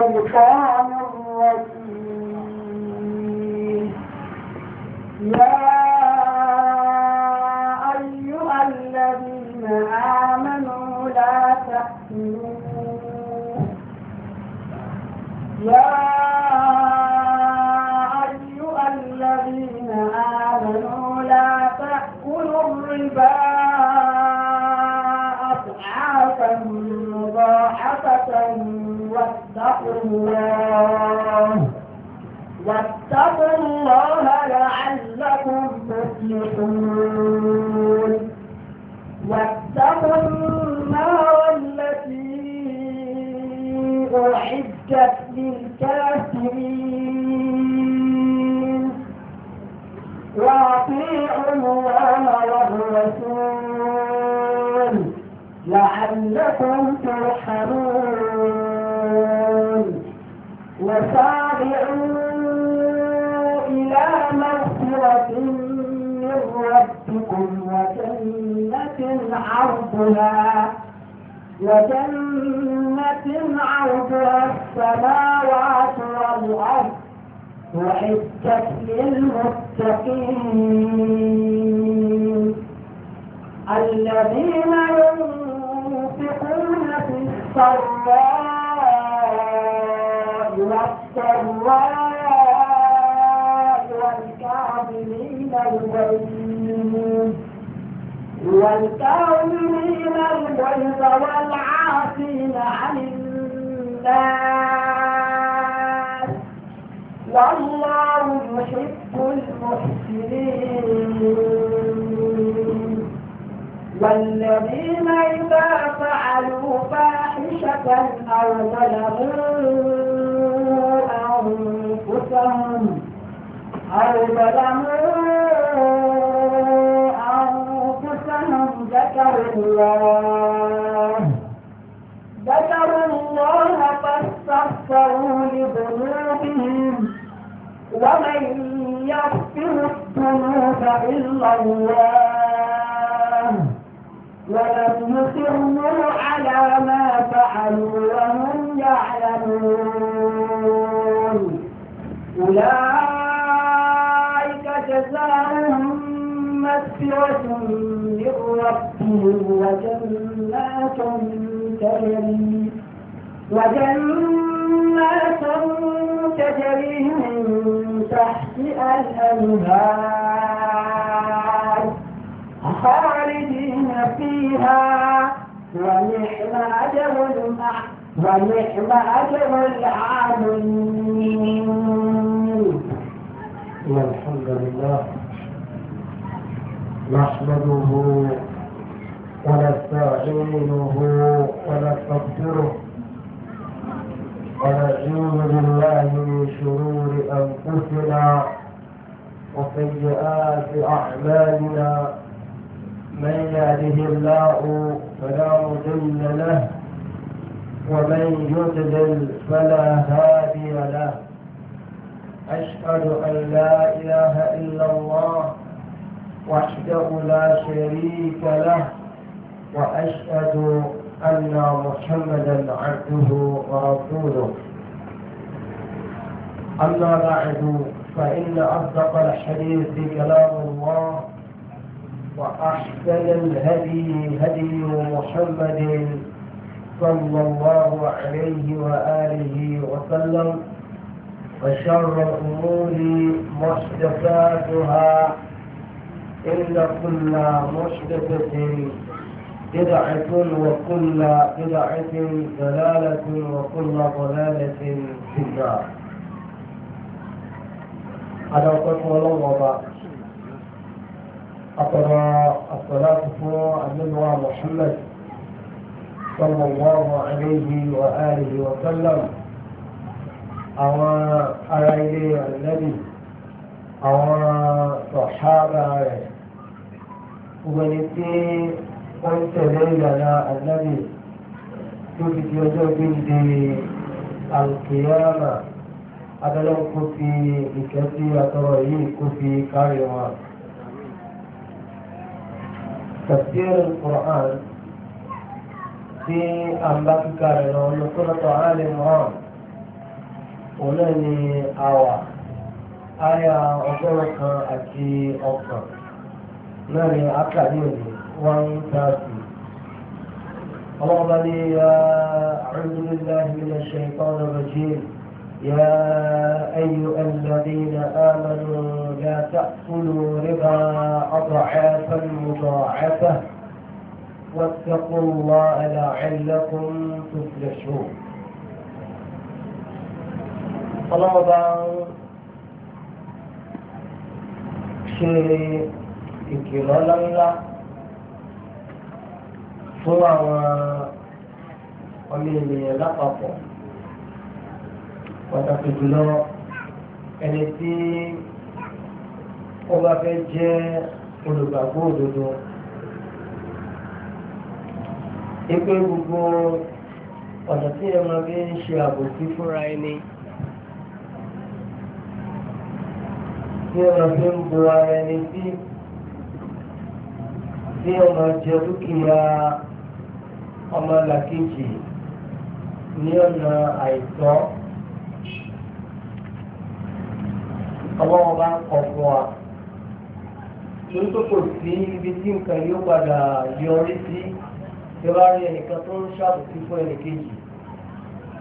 الشيطان الرجيم يا أيها الذين آمنوا لا تأكلوا يا أيها الذين آمنوا لا تأكلوا الربا أضعافا مضاعفة واتقوا الله واتقوا الله لعلكم تفلحون واتقوا النار التي أعدت للكافرين وأطيعوا الله والرسول لعلكم ترحمون إلى مغفرة من ربكم وجنة عرضها وجنة عرضها السماوات والأرض وعدت للمتقين الذين ينفقون في الصلاة والسراء والكاظمين الغيظ والكاظمين الغيظ والعافين عن الناس والله يحب المحسنين والذين إذا فعلوا فاحشة أو ظلموا أنفسهم أو ظلموا أنفسهم ذكروا الله ذكروا الله فاستغفروا لذنوبهم ومن يغفر الذنوب إلا الله ولم يصروا على ما فعلوا وهم يعلمون أولئك جزاؤهم مغفرة من ربهم وجنات تجري وجنات تجري من تحت الأنهار خالدين فيها ونحن أجر المحسن ونعم العالمين العاملين والحمد لله نحمده ونستعينه ونستغفره ونعوذ بالله من شرور أنفسنا وسيئات أعمالنا من يهده الله فلا مضل له ومن يضلل فلا هادي له أشهد أن لا إله إلا الله وحده لا شريك له وأشهد أن محمدا عبده ورسوله أما بعد فإن أصدق الحديث كلام الله وأحسن الهدي هدي محمد صلى الله عليه وآله وسلم وشر الأمور محدثاتها إن كل محدثة بدعة وكل بدعة ضلالة وكل ضلالة في النار أنا قسم الله أقرأ الصلاة فوق النبوة محمد صلى الله عليه وآله وسلم àwọn ará ilé ànábì àwọn sọ̀hábà rẹ̀ gbogbo ẹni tí wọ́n ń tẹ̀lé ìlànà ànábì tó fi di ọjọ́ gbígbé alkiyama abẹ́lẹ́ kó fi ìkẹ́ sí àtọrọ yìí kó fi kárí wọn. tafsir al-Qur'an tí a ń bá kíkà rẹ̀ lọ ní sọ́dọ̀tọ̀ àlè mọ́ràn òun náà ni àwà àyà ọgọ́rùn kan àti ọkàn náà ni àkàdé òní one thirty. اللهم لي أعوذ بالله من الشيطان الرجيم يا أيها الذين آمنوا لا تأكلوا ربا أضعافا مضاعفة واتقوا الله لعلكم تفلحون طلبا شيء إكرام الله فوا ومن لقطه وتقبلوا ẹni tí ó bá fẹ́ jẹ́ pé gbogbo ọ̀nà tí ẹ máa fi ń ṣe àbòsí fúnra ẹni tí ẹ máa fi ń bo ara ẹni sí tí ẹ máa jẹ dúkìá ọmọlàkejì ní ọ̀nà àìtọ́ ọlọ́wọ́ bá ń kọ̀ fún wa torí sí ibi tí nǹkan yóò padà yọrí sí tí ó bá rí ẹnìkan tó ń ṣàbùkù fún ẹnìkejì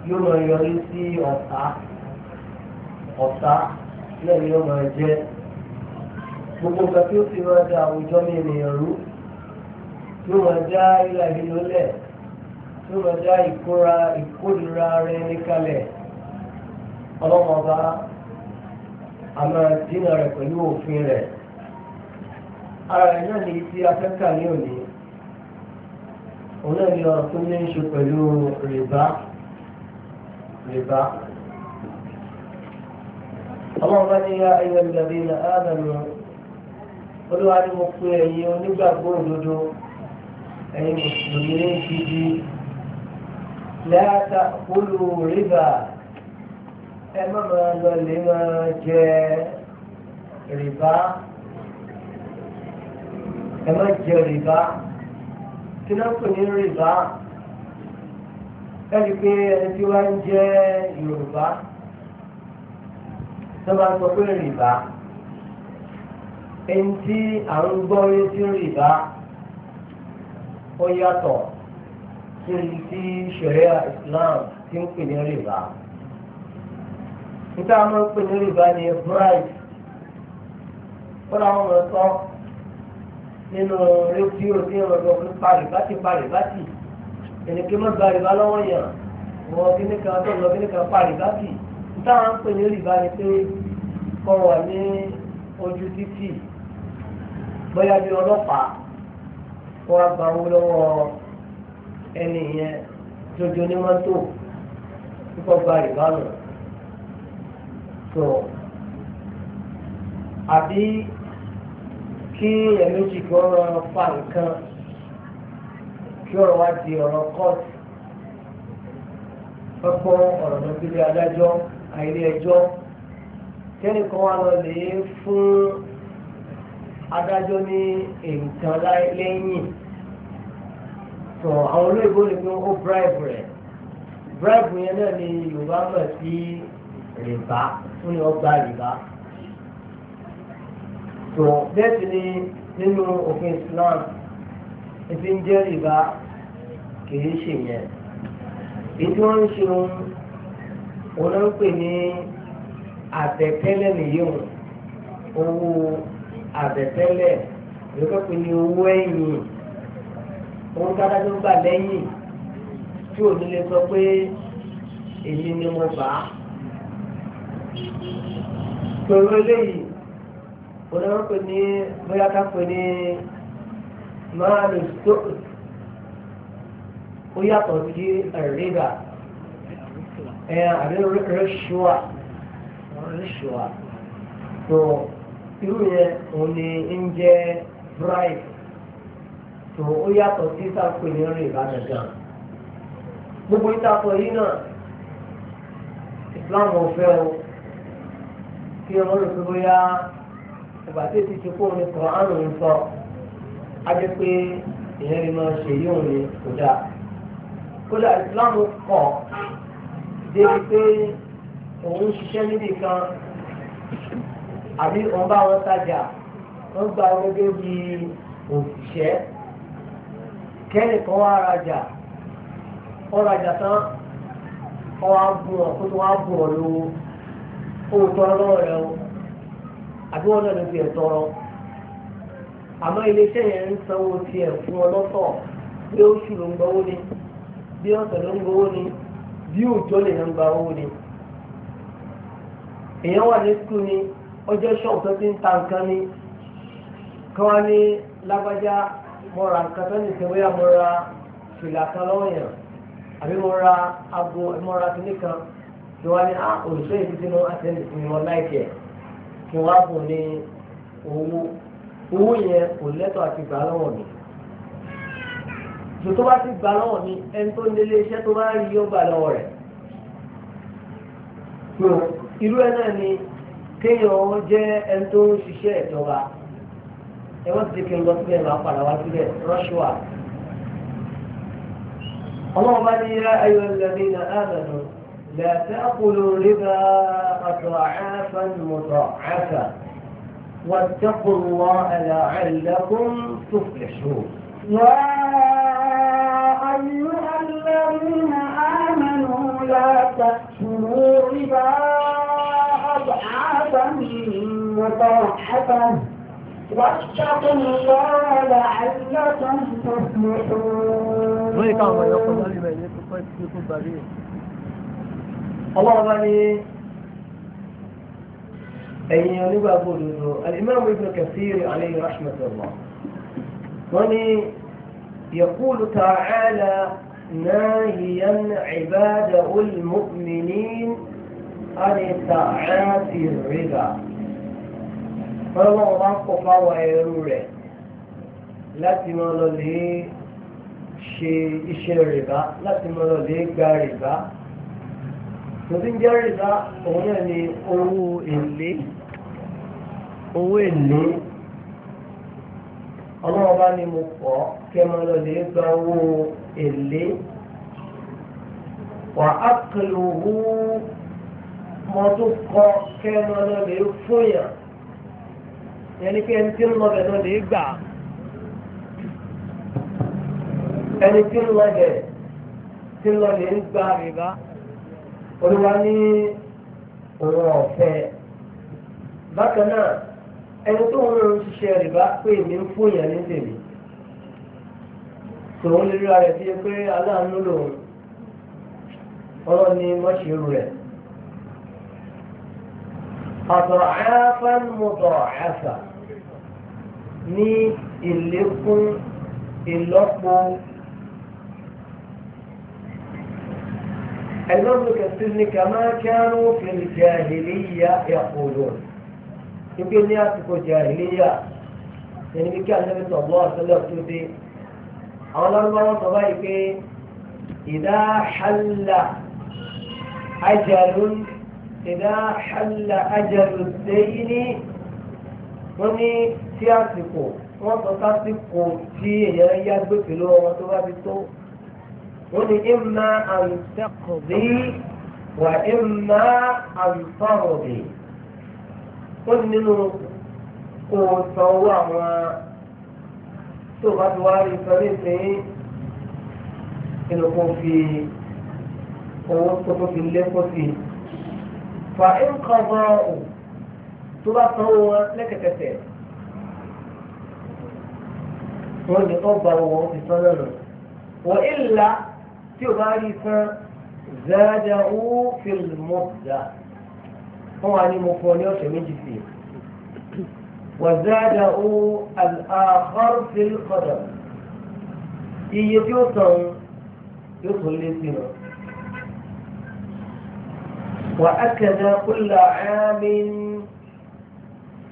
yóò máa yọrí sí ọ̀tá ọ̀tá náà ni ó máa jẹ́ gbogbo nǹkan tí ó fi máa da àwùjọ ní ènìyàn rú tí ó máa dá ilà ìlú lẹ̀ tí ó máa dá ìkóra ìkórira rẹ níkalẹ̀ ọlọ́mọba a máa dínà rẹ̀ pẹ̀lú òfin rẹ̀ ara rẹ̀ náà ní ti afẹ́kà ní òní òun náà ni ọ̀rọ̀ tó ní í ṣe pẹ̀lú rìbá rìbá. ọlọ́run bá ní ya ayọ̀ ìgbàgbé ilẹ̀ ádámù olúwa ni mo pe ẹ̀yin onígbàgbọ́ òdodo ẹ̀yin mùsùlùmí gidi láàtà kúlù rìbá ẹ má máa lọ lè máa jẹ rìbá ẹ má jẹ rìbá kí náà pè ní rìbá ẹni pé ẹni tí wọ́n ń jẹ́ yorùbá tó sọ pé rìbá ẹni tí àwọn gbọ́rin ti rìbá ó yàtọ̀ sí ẹni tí ṣẹ̀ríà Islam ti ń pè ní rìbá níta máa ń pè ní rìbá ní bright ó làwọn ọmọ sọ nínú rédíò tí wọ́n lọ fún paribati paribati ẹni kí wọ́n gba rìbá lọ́wọ́ yàn wọ́n kíní kan tó lọ kíní kan paribati táwọn ń pè ní rìbá ni pé kọ́ wà ní ojú títì bóyá bí ọlọ́pàá kó wá gba owó lọ́wọ́ ẹni yẹn jojo ní mọ́tò kíkọ́ gba rìbá nù. àbí kí ẹ̀mẹ́jì kan rọrùn pa nǹkan kí ọ̀rọ̀ wá di ọ̀rọ̀ kọ́ọ̀tù pẹ́pọ́ ọ̀rọ̀ lọ sí ilé adájọ́ àìlé ẹjọ́ tẹ́nìkan wá lọ lè fún adájọ́ ní nǹkan lẹ́yìn tó àwọn olóyìnbó ni pé ó bribe rẹ̀ bribe yẹn náà ni Yorùbá mọ̀ sí rìbá fún ni ọgbà rìbá. tó bẹ́ẹ̀ sì ni nínú òfin Islam ìfi ń jẹ́ rìbá kìí ṣe yẹn èyí tí ń ṣe òun òun ní àbẹ̀tẹ́lẹ̀ nìyí owó àbẹ̀tẹ́lẹ̀ ní owó ẹ̀yìn owó tí adájọ́ gbà lẹ́yìn tí òní lè sọ pé èyí ni mo bá wọn náà pè ní bóyá ká pè ní máàlù tó ó yàtọ̀ sí ẹ̀rígà ẹ̀ àbí rẹ́ṣùà rẹ́ṣùà tó irú yẹn òun ni ń jẹ́ bribe tó ó yàtọ̀ sí sáàpè ní rìbá gàgàn gbogbo ìtàkùn yìí náà Islam ọ̀fẹ́ o kí ọmọ rẹ̀ pé bóyá ìgbà tí èsì ti kó omi kan àrùn ń sọ á jẹ́ pé ìyẹn lè máa ṣe yóò ní kò dáa kódà Islam kọ̀ débi pé òun ṣiṣẹ́ níbì kan àbí òun bá wọn tajà wọ́n gba gẹ́gẹ́ bí òṣìṣẹ́ kẹ́nìkan wá rajà wọ́n rajà tán wọ́n á bùn ọ̀ kó tó wá bùn ọ̀ lówó ó tọ́ lọ́wọ́ rẹ̀ o àbí wọn náà ló fi ẹ̀ tọrọ àmọ́ iléeṣẹ́ yẹn ń sanwó tiẹ̀ fún ọ lọ́tọ̀ bí oṣù ló ń gbowó ni bí ọ̀sẹ̀ ló ń gbowó ni bí òjò lè ń gba owó ni èèyàn wà ní skul ni ọjọ́ ṣọ́ọ̀bù tó ti ń ta nǹkan ni kí wọ́n ní lágbájá mo ra nǹkan tó ní ìṣèwé mo ra fìlà kan lọ́wọ́ yẹn àbí mo ra aago mo ra kinní kan tí wọ́n ní ah òṣìṣẹ́ ìdíje àti ẹnìkan ni wọ́n láìpẹ́ kí wọ́n á fún ní owó owó yẹn kò lẹ́tọ̀ àti gbà lọ́wọ́ mi tó bá ti gbà lọ́wọ́ mi ẹni tó nílé iṣẹ́ tó bá rí yóò gbà lọ́wọ́ rẹ̀ irú ẹ náà ni kéèyàn jẹ́ ẹni tó ń ṣiṣẹ́ ìjọba ẹ wọ́n ti di kí n lọ sílẹ̀ máa padà wá sílẹ̀ rọ́ṣùà ọlọ́run bá ní ayọ̀ ẹ̀lẹ́dẹ́ ní àádọ́dún. لا تأكلوا ربا أضعافا مضاعفة واتقوا الله لعلكم تفلحون يا أيها الذين آمنوا لا تأكلوا ربا أضعافا مضاعفة واتقوا الله لعلكم تفلحون. ọlọ́run bá ní ẹ̀yin onígbàgbọ́ òdodo alimami ibn Kathir alayhi rahmatullah wọ́n ní yaqulu ta'ala ناهيا عباده المؤمنين عن تعاطي الربا ọlọ́wọ́ bá ń kọ́ fáwọn ẹrú rẹ̀ láti máa lọ lè ṣe iṣẹ́ rìbá láti máa lọ gba rìbá tòbí ń jẹ́ rìbá òun náà ni owó èlé owó èlé ọlọ́wọ́ bá ní mo pọ̀ kẹmọ lọ́lẹ̀ gba owó èlé wà á kìlò owó mọ tó kọ kẹmọ lọ́lẹ̀ ẹni pé ẹni tí ń lọ́bẹ̀ lọ́lẹ̀ gbà ẹni tí ń lọ́bẹ̀ tí ń lọ́lẹ̀ ń gba rìbá olúwa ní òun ọ̀fẹ́ bákan náà ẹni tó ń lòun ṣiṣẹ́ rẹ̀ bá pè mí ń fún èèyàn ní tèmi tòun lè ríra rẹ̀ bíi pé aláàánú lòun ọlọ́ni mọ́ṣẹ́rù rẹ̀ àtọ̀rọ̀ àyàfẹ́ mú tọ̀rọ̀ àyàfà ní ìlékún ìlọ́po المرض كالسجن كما كانوا في الجاهلية يقولون يمكن يأتكوا جاهلية يعني بك النبي صلى الله عليه وسلم تؤتي المرة إذا حل أجل إذا حل أجل الدين وني تأتكوا wọ́n sọ sásìkò tí èèyàn yá ó ní ìmọ̀ àǹtẹ́kọ̀bí wà ìmọ̀ àǹtọ́rọ̀bí ó ní nínú kó o san owó àwọn tó o bá ti wá rí sọ ní inú kó fi owó tó tó fi lékún sí i fa tó bá san wọn lẹ́kẹ̀kẹ̀tẹ̀ wọ́n ní ọba wọn ti sọ lọ́nà wọ́n ìlà. استضعف زاده في المدة هو يعني مفهوم يوم فيه وزاده الآخر في القدم إيه يوصل يوصل للسنة وأكد كل عام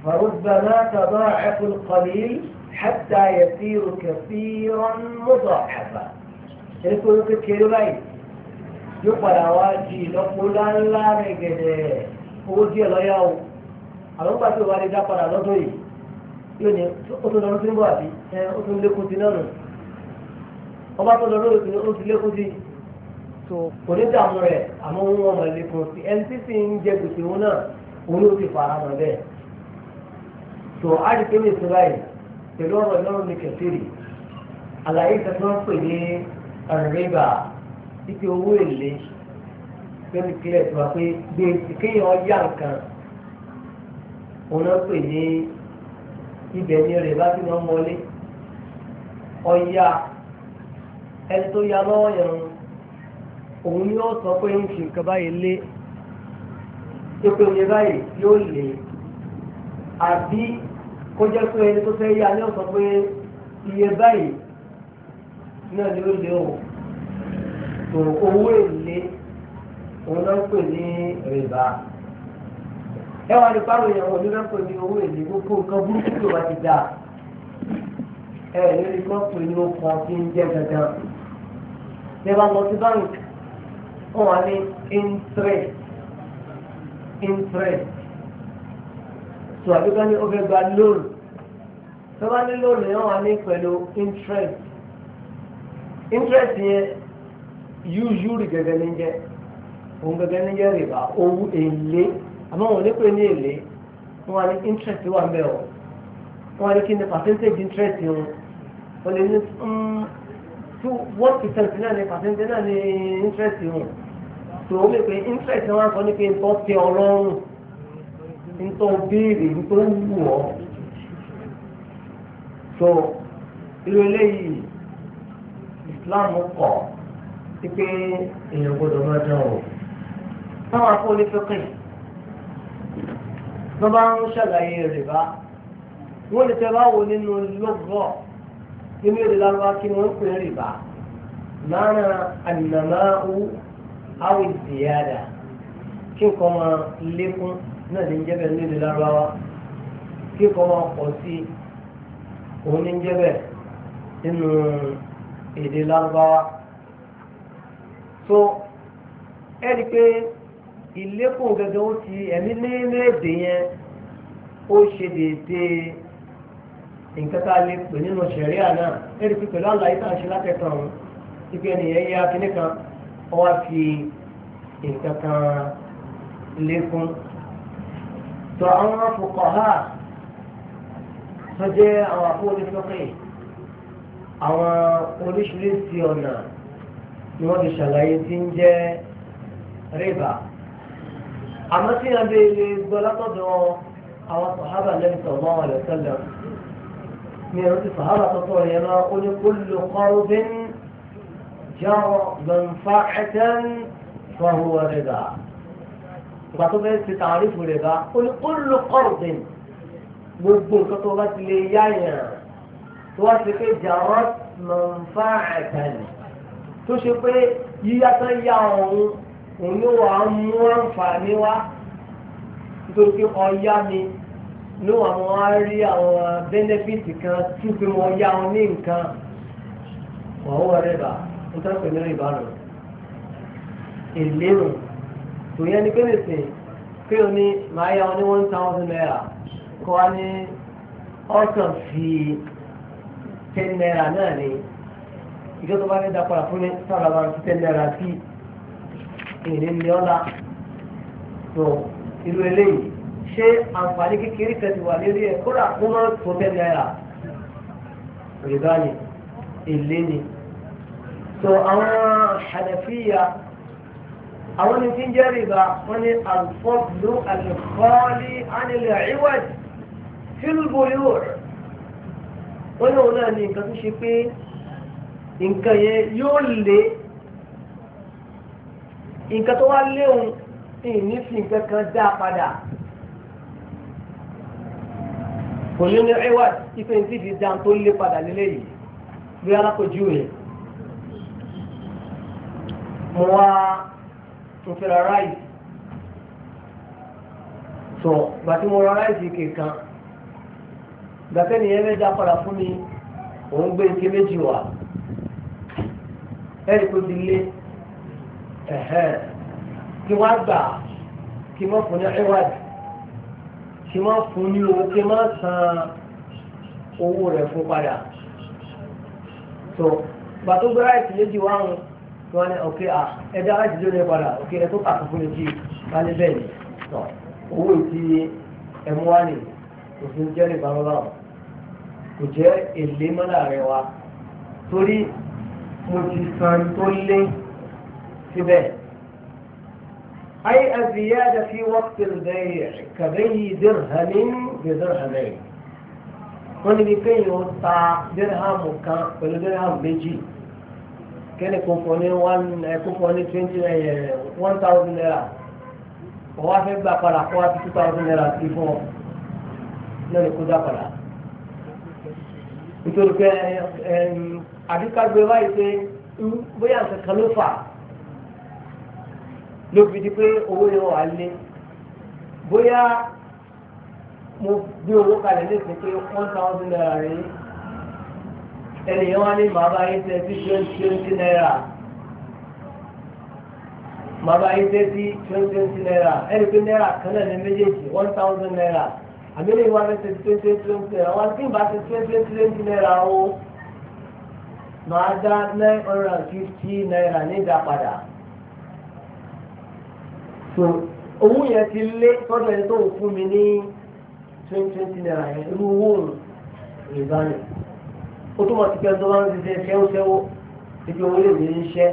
فربما تضاعف القليل حتى يصير كثيرا مضاعفا ẹni pé ó kékeré báyìí yóò padà wá di ìlọ́po ńláńlá rẹ̀ gẹ̀dẹ̀ owó díẹ̀ lọ́yà o àwọn gbà tí wàá lè dá padà lọ́dún yìí yóò ní ó tó lọ́dún tí ń bọ̀ àbí ẹ ó tó lékún sí náà nù ọba tó lọ́dún yìí ó ti lékún sí tó kò ní dààmú rẹ̀ àmọ́ wọn wọn mọ̀ lékún sí ẹni tí sì ń jẹ gbèsè òun náà òun ló ti fara mọ́ bẹ́ẹ̀ tó a lè pé ní ìṣúra pẹ̀lú ọ̀rọ̀ ìlọrin ní kẹ̀síìrì àlàyé ìtẹ̀síwọ́n pè ní àrùnrìbà títí owó èlé lórí kílẹ̀ tó wà pé gbèsè kéèyàn yá nǹkan òun náà pè ní ibẹ̀ ni rẹ̀ bá ti máa ń wọlé ẹni tó ya lọ́wọ́ yẹn òun ni ó sọ pé ń fi nǹkan báyìí lé tó pé oye báyìí yóò lè àbí kó jẹ́ pé ẹni tó fẹ́ yá ni ó sọ pé iye báyìí náà ni ó lé o tó owó èlé òun náà ń pè ní rìbá ẹ wà ní pàrọ̀ ìyàwó ọdún náà ń pè ní owó èlé gbogbo nǹkan burúkú tó bá ti dà ẹ ẹ lórí kan pè ní ọkọ̀ tí ń jẹ́ gangan ṣé bá lọ sí báńkì wọ́n wà ní interest interest tó àbíkọ́ ní ó fẹ́ gba loan tó bá ní loan yẹn wà ní pẹ̀lú interest interest yẹn usually gẹ́gẹ́ ní jẹ́ òun gẹ́gẹ́ ní jẹ́ rìbá owó èlé àmọ́ wọn ní interest wà ń bẹ̀ ọ́ wọn ní kí ni percentage interest yẹn wọn lè ní hmm, two one percent náà ní percentage náà interest yẹn tó o lè pe interest wọn kọ́ ní pé nǹkan tẹ ọ lọ́rùn nǹkan béèrè nǹkan wù ọ́ so irú eléyìí. Islam kọ̀ pípé èèyàn gbọ́dọ̀ máa dán o. Táwọn akóni fẹ́kẹ̀ ló bá ń ṣàlàyé rìbá. Wọ́n lè tẹ́ bá wo nínú lọ́gọ́ nínú èdè lárúbá kí wọ́n ń pè rìbá. Mánà ànàmáwú áwì ziyada kí nǹkan máa lékún náà ní jẹ́bẹ̀ nínú èdè lárúbá Kí nǹkan máa pọ̀ sí òun ní jẹ́bẹ̀ nínú èdè lárúbáwá so ẹni pé ìlékùn gẹ́gẹ́ ó ti ẹ̀mí nínú èdè yẹn ó ṣe déédéé nǹkan tá a lè pè nínú ṣẹ̀ríà náà ẹni pé pẹ̀lú àlàyé tá a ṣe látẹ̀kàn ọ̀hún ibi ẹnìyẹn yá kíní kan ọ wá fi nǹkan kan lékún tó àwọn afọkọ̀ ha tó jẹ́ àwọn afọ́ onífọ́kẹ́ yìí àwọn oríṣiríṣi ọ̀nà ni wọ́n ti ṣàlàyé tí ń jẹ́ rìbá àmọ́ tí a bẹ lè gbọ́ látọ̀dọ̀ àwọn sàhábà lẹ́yìn sọ̀rọ̀ àwọn àlẹ́sẹ̀lẹ̀ ní ẹ̀rọ ti sàhábà tọ́tọ̀ yẹn náà ó ní kó lè kọ́rọ́ bí ń jọrọ̀ gbọ̀nfà ẹ̀tẹ́ ń fọwọ́ rìbá ìgbà tó fẹ́ ti tààrífù rìbá ó ní kó lè kọ́rọ́ bí ń gbogbo nǹkan tó bá ti lè yáyàn tó wá ṣe pé jàrọ́ mọ̀nfà àtàlẹ̀ tó ṣe pé yíyá tán yá òun òun ló wà á mú àǹfààní wá nítorí pé ọ̀yá mi ló wà wọ́n á rí àwọn bẹ́nẹ́fìtì kan tí pé mo yá wọn ní nǹkan ọ̀wọ́ rẹ̀bà ń tán pè lórí èlérò tó yẹ ní kérésì pé o ní màá yá wọn ní one thousand naira kọ́ wa ní ọ̀sán fi ten naira náà ni ìjọ tó bá fẹ́ dá padà fún mi sábà máa fi ten naira sí èrè ní ọ̀la tó irú eléyìí ṣé àǹfààní kékeré kan ti wà lórí ẹ̀ kódà kó má tó ten naira rìbá èlé ni so àwọn hànàfíyà àwọn ní tí rìbá wọ́n ní alfọ́blú alfọ́lí ánilẹ̀ ìwẹ̀d fílbùlúwẹ̀ wọ́n ní òun náà ní nǹkan tó ṣe pé nǹkan yẹn yóò lé nǹkan tó wá léwu ìnífi nǹkan kan dá padà kò ní ní ẹwà ife ní ti fi dá tó lé padà lélẹ̀ yìí bí alákojú yẹn mo wá mo ráìsì sọ gbàtí mo ra ráìsì kankan gbàtẹ́ nìyẹn mẹ́ta padà fún mi òun gbé ike méjì wá ẹ̀rí tó ti lé kí wọ́n gbà kí wọ́n fún ní ẹ̀wádìí kí wọ́n fún ní owó kí wọ́n san owó rẹ̀ fún padà so gbàtó gbé ráìtì méjì wá wọn tí wọ́n ní ọ̀kẹ́ à ẹ̀dá ráìtì ló lè padà ọ̀kẹ́ ẹ̀ tó kà fún méjì wá ní bẹ́ẹ̀ ni owó ìtì ẹ̀mú wá ní òfin jẹ́ nípa lọ́wọ́ kò jẹ́ èlé mọ́ láàrin wa torí mo ti san tó lé síbẹ̀. أي الزيادة في وقت البيع كبي درهم بدرهمين wọ́n níbi kéèyàn ta dírhàmù kan pẹ̀lú dírhàmù méjì kéèyàn kò fọ ní kò fọ ní twenty one thousand naira ọwọ́ afẹ́ gbà padà kó wá sí two thousand naira sí fún ọ lónìí kó dá padà nítorí pé àdìkágbé báyìí pé bóyá nǹkan kan ló fà ló fi di pé owó yẹn wà lé bóyá mo gbé owó kalẹ̀ lẹ́sìn pé one thousand naira rèé ẹnìyẹn wá ní màá bá yín tẹ́tí twenty twenty naira màá bá yín tẹ́tí twenty twenty naira ẹnì pé náírà kan náà ní méjèèjì one thousand naira àbílẹ̀ ìwà rẹ̀ ṣe twenty twenty naira wọn tí ìbá ṣe twenty twenty naira o máa dá nine hundred and fifty naira ní ìdá padà so owó yẹn ti lé sọ́dọ̀ ẹni tó ń fún mi ní twenty twenty naira yẹn irú owó ìgbà ni ó túmọ̀ sí pé ẹjọ́ máa ń ṣiṣẹ́ ṣẹ́wóṣẹ́wó ibi owó lè ní í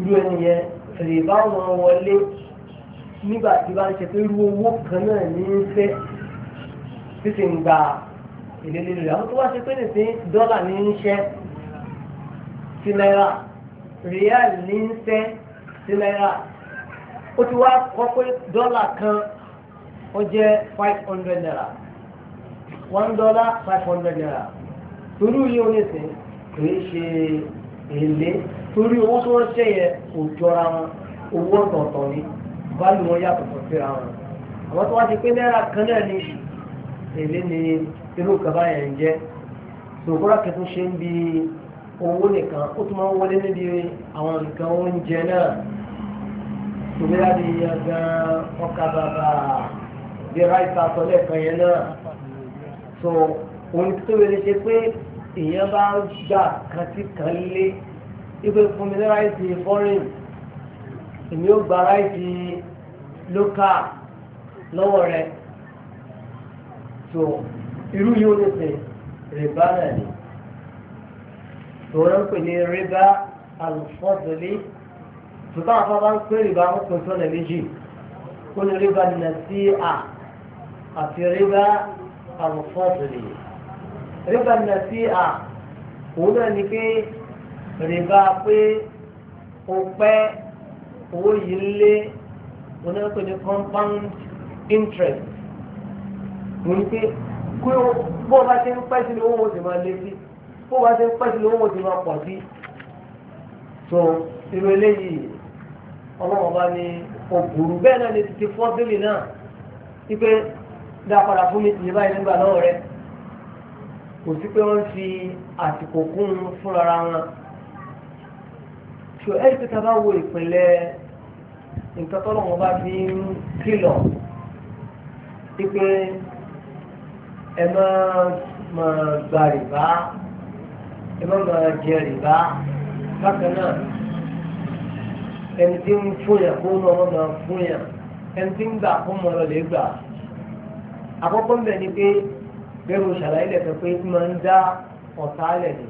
irú ẹni yẹn rèébá wọn wọlé nígbà tí bá ń ṣe pé irú owó kan náà ní í fẹ́ títí ń gba èlé lórí àwọn tó wá ṣe pé nìsín dọ́là ní í ṣẹ́ sí náírà rìal ní í ṣẹ́ sí náírà ó ti wá kọ́ pé dọ́là kan ó jẹ́ five hundred naira one dollar five hundred naira torí yìí ó nìsín í ṣe èlé torí owó tó ń ṣe yẹ kò jọra wọn owó ọ̀tọ̀ọ̀tọ̀ ni báàlù wọn yàtọ̀ tó síra wọn àwọn tó wá ti pé náírà kan náà ni èlé ni irú kaba yẹn ń jẹ́ sòkúrà kẹtù ṣe ń bi owó nìkan ó tún máa ń wọlé níbi àwọn nǹkan oúnjẹ náà sòkúrà bí ẹgbẹ́ ọkà bàbà bí ráìsà sọlẹ̀ kan yẹn náà so òun tó wẹlé ṣe pé èèyàn bá gbà kan kan lé ipe fún mi ní ráìsì fọ́rìn èmi ó gba ráìsì ló ká lọ́wọ́ rẹ̀ tó irú yóò lè sè rìbá náà ni tó wọ́n ń pè ní rìbá alùfọ́dúlé tó bá wọn bá ń pè rìbá wọn pè sọ́nà méjì ó ní rìbá nínà sí à àti rìbá alùfọ́dúlé rìbá nínà sí à òun náà ni pé rìbá pé ó pẹ́ owó yìí lé wọn náà pè ní compound interest mo ní pé kí bó o bá ṣe ń pẹ́ sí ni owó ti máa lé sí bó o bá ṣe ń pẹ́ sí ni owó ti máa pọ̀ sí. so irú eléyìí ọlọ́wọ́n bá ní ògùrù bẹ́ẹ̀ náà ní títí fọ́bílì náà wípé dá padà fún mi tìyẹ báyìí nígbà náà rẹ kò sí pé wọ́n fi àsìkò kún un fúnra wọn. so ẹ̀rí pé ta bá wo ìpínlẹ̀ nǹkan tọ́lọ́wọ́n bá fi ń kìlọ̀ pípé ẹ má máa gba rìbá ẹ má máa jẹ rìbá bákan náà ẹni tí ń fúnyà kó mọ ọmọ máa fúnyà ẹni tí ń gbà kó mọ ọ lè gbà àkọ́kọ́ mbẹ ni pé bẹ́ẹ̀ mo ṣàlàyé lẹ́fẹ̀ẹ́ pé máa ń dá ọ̀tá lẹ̀ ni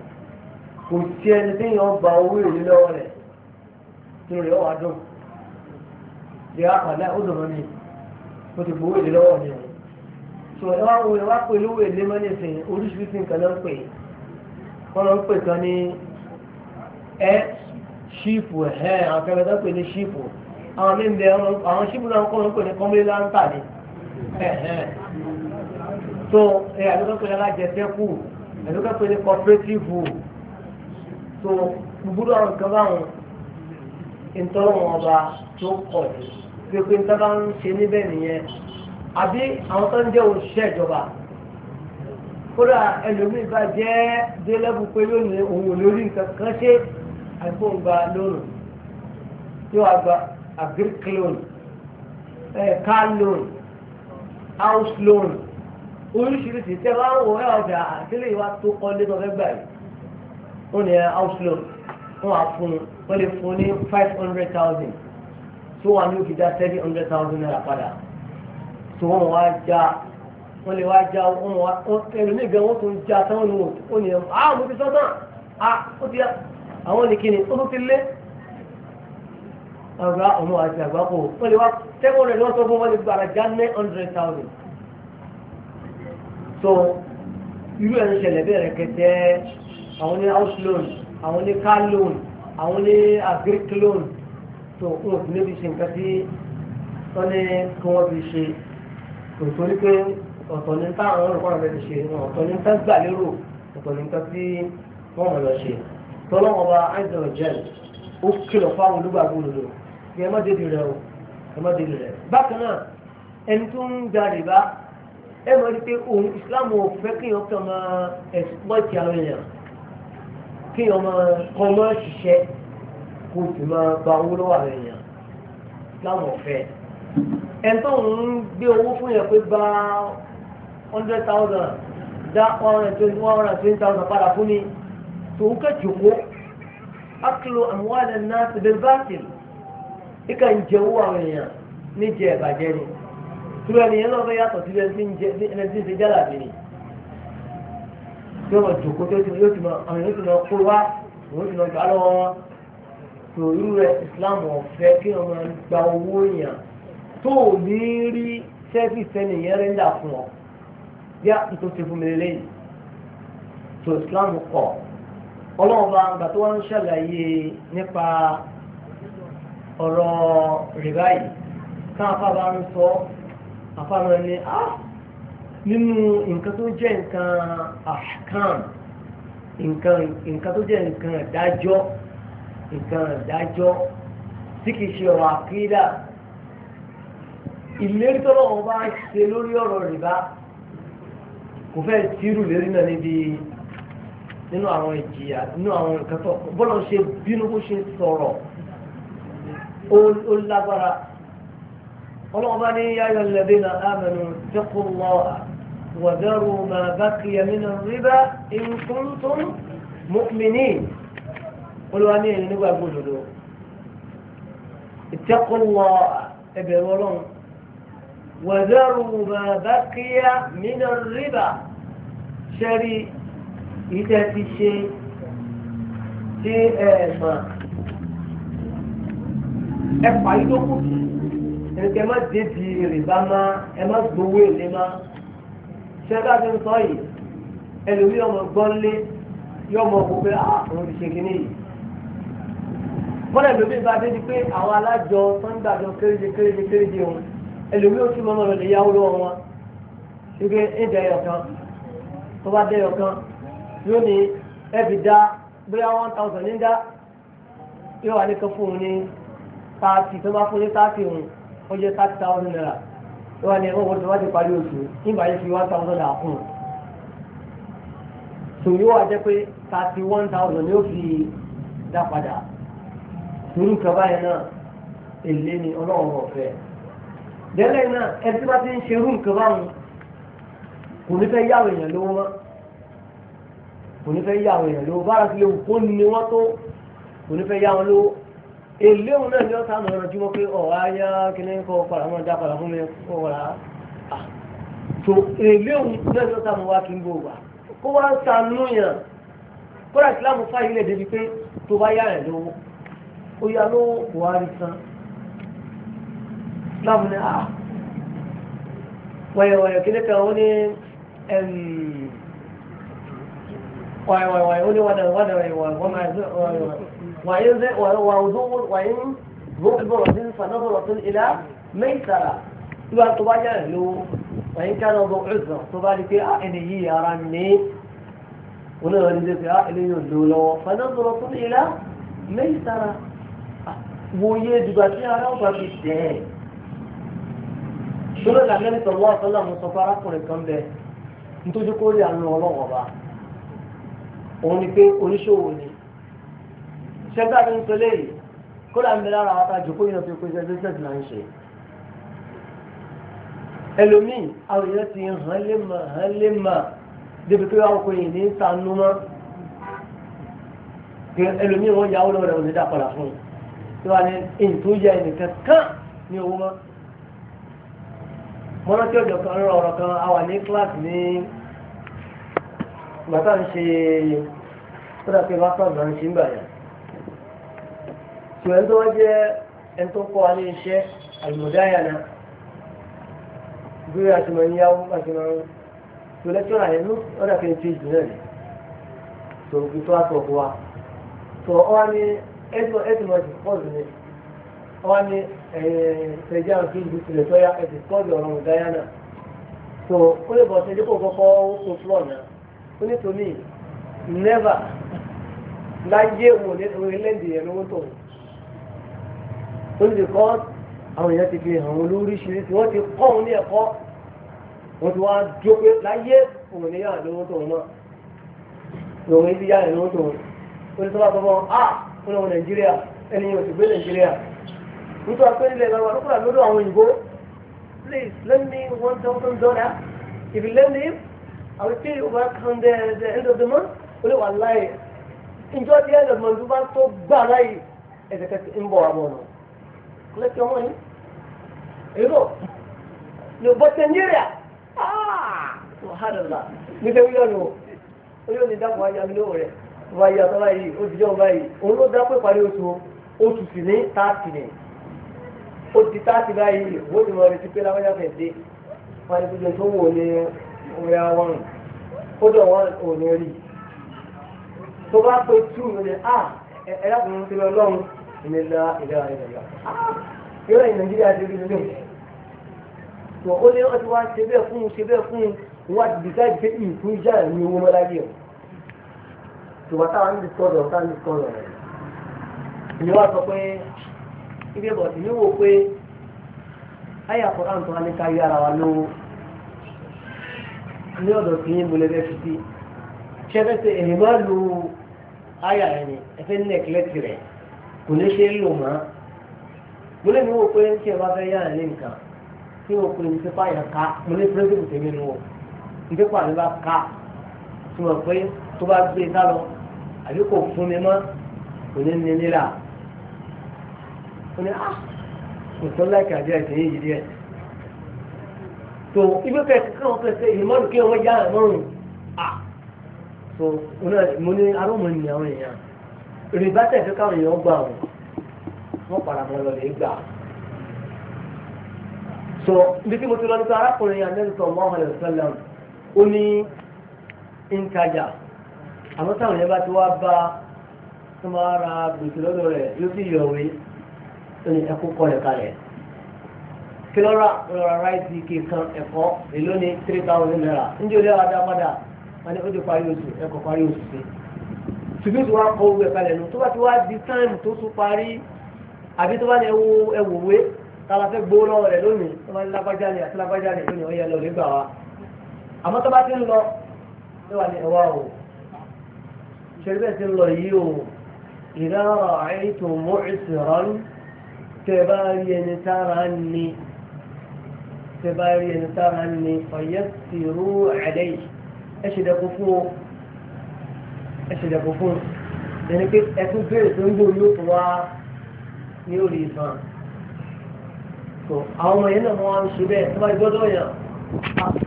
kò sí ẹni tí yẹn ọgbà owó ìlú lọ́wọ́ rẹ̀ tí rẹ̀ wà dùn bí wàá pàdé ọdọ̀rọ̀ ni mo ti gbowó èlé lọ́wọ́ mi o so ẹ wá wo ẹ wá pè lówó èlé mọ́ nísìnyí oríṣiríṣi nǹkan ló ń pè wọ́n lọ ń pè kan ní ẹ ṣíìpù ẹ̀ àwọn akẹ́kẹ́ tó ń pè ní ṣíìpù àwọn ní ìdẹ àwọn ṣíìpù náà kọ́ ló ń pè ní kọ́mílì láńtà ni so ẹ àdókò pé alájẹsẹ́kù àdókò pé ní cooperative so gbogbo àwọn nǹkan báwọn ìtọ́lọ́wọ́n ọba tó pọ̀ jù bí o pé ń sábà ń ṣe níbẹ̀ nìyẹn àbí àwọn tó ń jẹ́ òṣìṣẹ́ ìjọba kódà ẹlòmíì bá jẹ́ délẹ́bù pé lónìí òun lórí nǹkan kan ṣe àìfóǹgbà lónìí yóò àgbà agric loan car loan house loan oríṣiríṣi tẹ́ bá ń wọ ẹ ọjà àtẹlẹ ìwà tó kọ lẹnu ọfẹ gbà yìí wọn ni house loan wọn á fún un wọn lè fún un ní five hundred thousand tó wà ní òkè dá seven hundred thousand naira padà tó wọ́n wá já wọ́n lè wá já wọ́n wá ẹ̀rù níbi àwọn tó ń já táwọn ní ó ní ẹ̀mọ́ ah mo ti sọ náà ah ó ti àwọn ní kíni ó tó ti lé àgbà ọmọ àti àgbà kò wọ́n lè wá seven hundred wọ́n sọ fún wọn lè gbàrà já nine hundred thousand so irú ẹ̀ ń ṣẹlẹ̀ bẹ́ẹ̀ kẹtẹ́ àwọn ní house loan àwọn ní car loan àwọn ní agric loan tó wọn ti níbi ṣe nǹkan tí wọ́n ní kí wọ́n fi ṣe kò torí pé ọ̀tọ̀ ní táwọn ọ̀rọ̀ kọ́ra bẹ́ẹ̀ ṣe ọ̀tọ̀ ní tán gbà lérò ọ̀tọ̀ ní tán tí wọ́n mọ̀ lọ ṣe tọ́lọ́wọ́n bá àìsàn jẹ́ ó kìlọ̀ fáwọn olúgbàgbọ́ òdodo kí ẹ má dédìí rẹ o ẹ má dédìí rẹ bákan náà ẹni tó ń gba rìbá ẹ mọ̀ wípé òun ìsìláàmù ò fẹ́ kí ọkàn máa ẹ̀sùn mọ́ ìtì àwọn èèyàn kí ọmọ kọ́ mọ́ ṣiṣẹ́ kó o sì máa gba owó lọ́wọ́ àwọn èèyàn láwọn ọ̀fẹ́ ẹni tó ń gbé owó fún yẹn pé gba hundred thousand dá one hundred twenty one hundred twenty thousand padà fún mi tòun kẹ́jọ̀kó akílò àwọn àlẹ́ náà ti bẹ́ẹ̀ báàkìlì ìkà ń jẹ owó àwọn èèyàn ní jẹ ìbàjẹ́ ni tí wọ́n ènìyàn náà fẹ́ yàtọ̀ sí ẹni tí ń jẹ ẹni tí ń ṣe jálà bí ni tí wọ́n jòkó tó yóò ti mọ àwọn èèyàn ti mọ kó wá òun ti mọ gbà lọ́wọ́ wọn tó rẹ islam ọ̀fẹ́ kí wọ́n máa gba owó èèyàn tó ò ní rí sẹ́fìsì ẹnìyẹn rẹ̀ ń dà fún ọ yá tó ti fún mi lélẹ́yìn tó islam kọ̀ ọlọ́run bá gbà tó wọ́n ń ṣàlàyé nípa ọ̀rọ̀ rìbá yìí ká afábá ń sọ afábá ní á nínú nǹkan tó jẹ́ nǹkan àkàn nǹkan tó jẹ́ nǹkan ìdájọ́ nǹkan ìdájọ́ tí kìí ṣe ọ̀rọ̀ àkídà ìlérí tọ́lọ́ wọn bá ṣe lórí ọ̀rọ̀ rìbá kò fẹ́ tìrù lérí náà níbi nínú àwọn ìjìyà nínú àwọn nǹkan tó bọ́lá ṣe bínú bó ṣe sọ̀rọ̀ ó lágbára ọlọ́wọ́n bá ní yáyọ̀ lẹ́bí na amẹnu tẹ́kùn lọ́wọ́ wàdẹ́rù máa kìyàmínà rìbá in kuntum mu'minin olúwa ní ẹ̀yin nígbà gbòdòdó ìtẹ́kùnlọ ẹbẹ̀rù ọlọ́run wẹ̀dẹ́rù bàbá kíá mìíràn rìbà ṣẹ́rí ìtẹ́ ti ṣe tí ẹ̀ẹ̀mà ẹ̀pà ìdókù ẹ̀kẹ́ má débi rìbá má ẹ má gbowó èlé má ṣẹ́gbà tó ń sọ yìí ẹlòmí ọmọ gbọ́nlé yọmọ gbogbo àwọn ah, olùṣèkínní yìí bọ́lá ẹlòmíì bá dé di pé àwọn alájọ sọ́ńdàjọ kéréje kéréje kéréje òun ẹlòmíì ó tún mọ́ lọ lè yáwó lọ́wọ́ wọn ṣùgbẹ́ èdè ẹ̀yọ̀kan tó bá dé ẹ̀yọ̀kan yóò ní dá bóyá one thousand ní dá yóò wà ní fún un ní thirty tó bá fún ní thirty òun ó jẹ́ thirty thousand naira yóò wà ní ẹ̀rọ owó tó bá ti parí oṣù nígbà yìí fi one thousand naira fún un tòun yóò wà jẹ́ pé thirty one thousand yóò fi dá padà torí nǹkan báyìí náà èlé ni ọlọ́run ọ̀fẹ́ dẹ́lẹ̀ náà ẹtí bá ti ń ṣerú nǹkan báwọn kò ní fẹ́ yàwó èèyàn lówó mọ́ kò ní fẹ́ yàwó èèyàn lówó bára fi léwu kó ní wọ́n tó kò ní fẹ́ yà wọn lówó èlé òun náà ni wọ́n sáà mọ̀ ẹranjú pé ọ̀rọ̀ ayá kíní kọ́ padà wọn dá padà fún mi kọ́ wọ́n rà á so èlé òun náà ni wọ́n sáà mọ̀ wá kí n bò wá kó wá ń sanú yàn kó ó yá lówó buhari san láàmú ni ah wọ̀yẹ̀wọ̀yẹ̀ kí ní kan ó ní wọ̀yẹ̀wọ̀yẹ̀ ó ní wọ̀dẹ̀wọ̀yẹ̀ wọ̀yẹ̀ ذكر ذن فنظرة إلى ميسرة يبقى طبعا له وإن كان ذو عذر طبعا في أعينه يراني ونظر ذي في أعينه يدوله فنظرة إلى ميسرة wòye dùgbà tí ara ọba fi tẹ̀ ẹ́ sórí ìlànà ìtọ́wọ́ àtọ́lá mo sọ fún arákùnrin kan bẹ́ẹ̀ nítorí kó rí àánú ọlọ́wọ́ bá òun ni pé oníṣòwò ni ṣẹ́gbà tó ń sọ léyìí kódà ń bẹ lára àwọn àtàjòkó yìí náà fi pé ṣe business náà ń ṣe ẹlòmíì àwọn èèyàn ti hàn lé mà hàn lé mà débi pé àwọn ọkùnrin ní sanú mọ́ ẹlòmíì wọ́n yà wọ́n lọ́wọ́ rẹ̀ òní dà padà fún un tí wàá ní ìtújẹ nìkan kán ní owó mọ́. mo rántí ọjọ́ kan rírọ ọ̀rọ̀ kan a wà ní kíláàsì ní ìgbà tá à ń ṣe kódà pé masters náà ń ṣe ń gbà yẹn. ṣùgbọ́n tó wọ́n jẹ́ ẹni tó kọ́ wa ní iṣẹ́ àlùmọ̀dáyà náà bí níyàwó bá tó lẹ́tọ́rà yẹn ló ọ̀dà kẹ́ni tí ì ni. tó fi tó a wa. tó ọ ní ẹ̀tọ́ ẹ̀tọ́ máa dìskọ́ọ̀sì ni wọ́n ní ṣẹ̀já àti ìlú tilẹ̀ tọ́yà ẹ̀ dìskọ́ọ̀sì ọ̀rọ̀ Guyana so ó lè bọ̀ ṣe dípò kọ́kọ́ ó fúlọ̀ náà ó ní tòní never láyé òun ní orílẹ̀-èdè yẹn lówó tó ó ní because àwọn èèyàn ti fi hàn wọn lóríṣiríṣi wọ́n ti kọ́ òun ní ẹ̀kọ́ wọ́n ti wá jó pé láyé òun ní yàrá lówó tó náà òun ní ti yàrá lówó tó ó ní tó ah fún ọmọ nàìjíríà ẹni yẹn òsì gbé nàìjíríà nítorí apẹ́ ilẹ̀ ìlànà wọn kúrò lọ́dọ̀ àwọn òyìnbó please lend me one thousand dollar if you lend me I will pay you back on the, the end of the month ó lè wà láyé ìjọ di end of the month tó bá tó gbà láyé ẹ̀ẹ́dẹ̀kẹ́sì ń bọ̀ àwọn ọ̀nà collect your money èyí lọ lọ bọ́ nàìjíríà ah wàhálà nígbà wíyọ̀ nù ó yóò ní dáàbò ayé amílò rẹ̀ wáyé ọ̀tọ́ báyìí ó ti jẹun báyìí òun ló dápẹ́ parí oṣù oṣù sì ní táàtì ni ó ti táàtì báyìí ó ti mọ̀ retí pé lábẹ́yà fẹ̀ dé wọ́n ti jẹ tó wò ní orí àwọn kódà wọn ò ní rí tó bá pé tú mi ni a ah, ẹ lákùnrin mi ti lọ lọ́run ìnira ìlera ìlera ìlera ah, ìlera Nàìjíríà ti rí lónìí tó ó ní ọtí wá ṣe bẹ́ẹ̀ fún un ṣe bẹ́ẹ̀ fún un wọ́n á ti dìsáìdì pé ìfún ní owó mọ́láyé ṣùgbọ́n táwa ń discọ́dọ̀ táwa ń discọ́dọ̀ rẹ̀ ìyẹn wá sọ pé ibi ẹ̀bọ̀ tí yóò wò pé ayé àkọ́kọ́ àǹtọ́ alẹ́ ká yọ ara wa lówó ní ọ̀dọ̀ tí yín bolẹ́ bẹ́ẹ̀ fi sí ṣẹ́fẹ́ ṣe èyí máa lu ayé rẹ̀ ni ẹ̀fẹ́ nẹ́ẹ̀kìlẹ́tì rẹ̀ kò ní ṣe é lò mọ́ gbọ́dọ̀ mi wò pé tí ẹ bá fẹ́ yára ní nǹkan tí o pe nípa fáyà ká mo ní tèmi nù o nípa àlè bá ká tí mo pé tó bá gbé e sálọ àbí kò fún mi mọ́ kò ní ní nílà ó ní á ah, kò tó láìka àbí àìsàn yìí díẹ̀ tó ibi kẹ̀kẹ́ wọn kẹsẹ̀ ìmọ̀rún kí wọ́n já ìmọ̀rún à tó mo ní arúgbó ni àwọn èèyàn rìbá tẹ̀ fẹ́ káwọn èèyàn gbà wọn wọ́n padà mọ́ lọ gbà so ibi tí mo ti lọ nípa arákùnrin yẹn anẹ́rìkọ̀ mọ́ ọ̀hún ẹ̀ sọ́lá ó ní ń tajà àmọ́ táwọn yẹn bá ti wá bá tó máa ra gbèsè lọ́dọ̀ rẹ̀ yóò sì yọ̀wé tó ní ẹkú kọ́ ẹ̀ kalẹ̀ kí ló ra lọ́ra ráìtì kíkan ẹ̀kọ́ èló ni three thousand naira níjẹ́ olè àdá padà wọn ni ó ti parí oṣù ẹ̀kọ́ parí oṣù sí ṣùgbọ́n tí wọ́n á kọ owó ẹ̀ kalẹ̀ nù tó bá ti wá di táìmù tó tún parí àbí tó bá ní ẹwọ ẹwòwé tala fẹ́ gbowó lọ́wọ́ rẹ̀ lónìí tó bá ní lágbájá ni àti lágbájá ni lónìí ó yẹ lọ lè gbà شربت الليو إذا رأيت معسرا تبارين ترني تبارين ترني فيسروا علي أشد كفو أشد كفو لأنك أكون في سندو يطوى يولي سان أو ما ينهى عن شبه سبا يقولوا أه، يا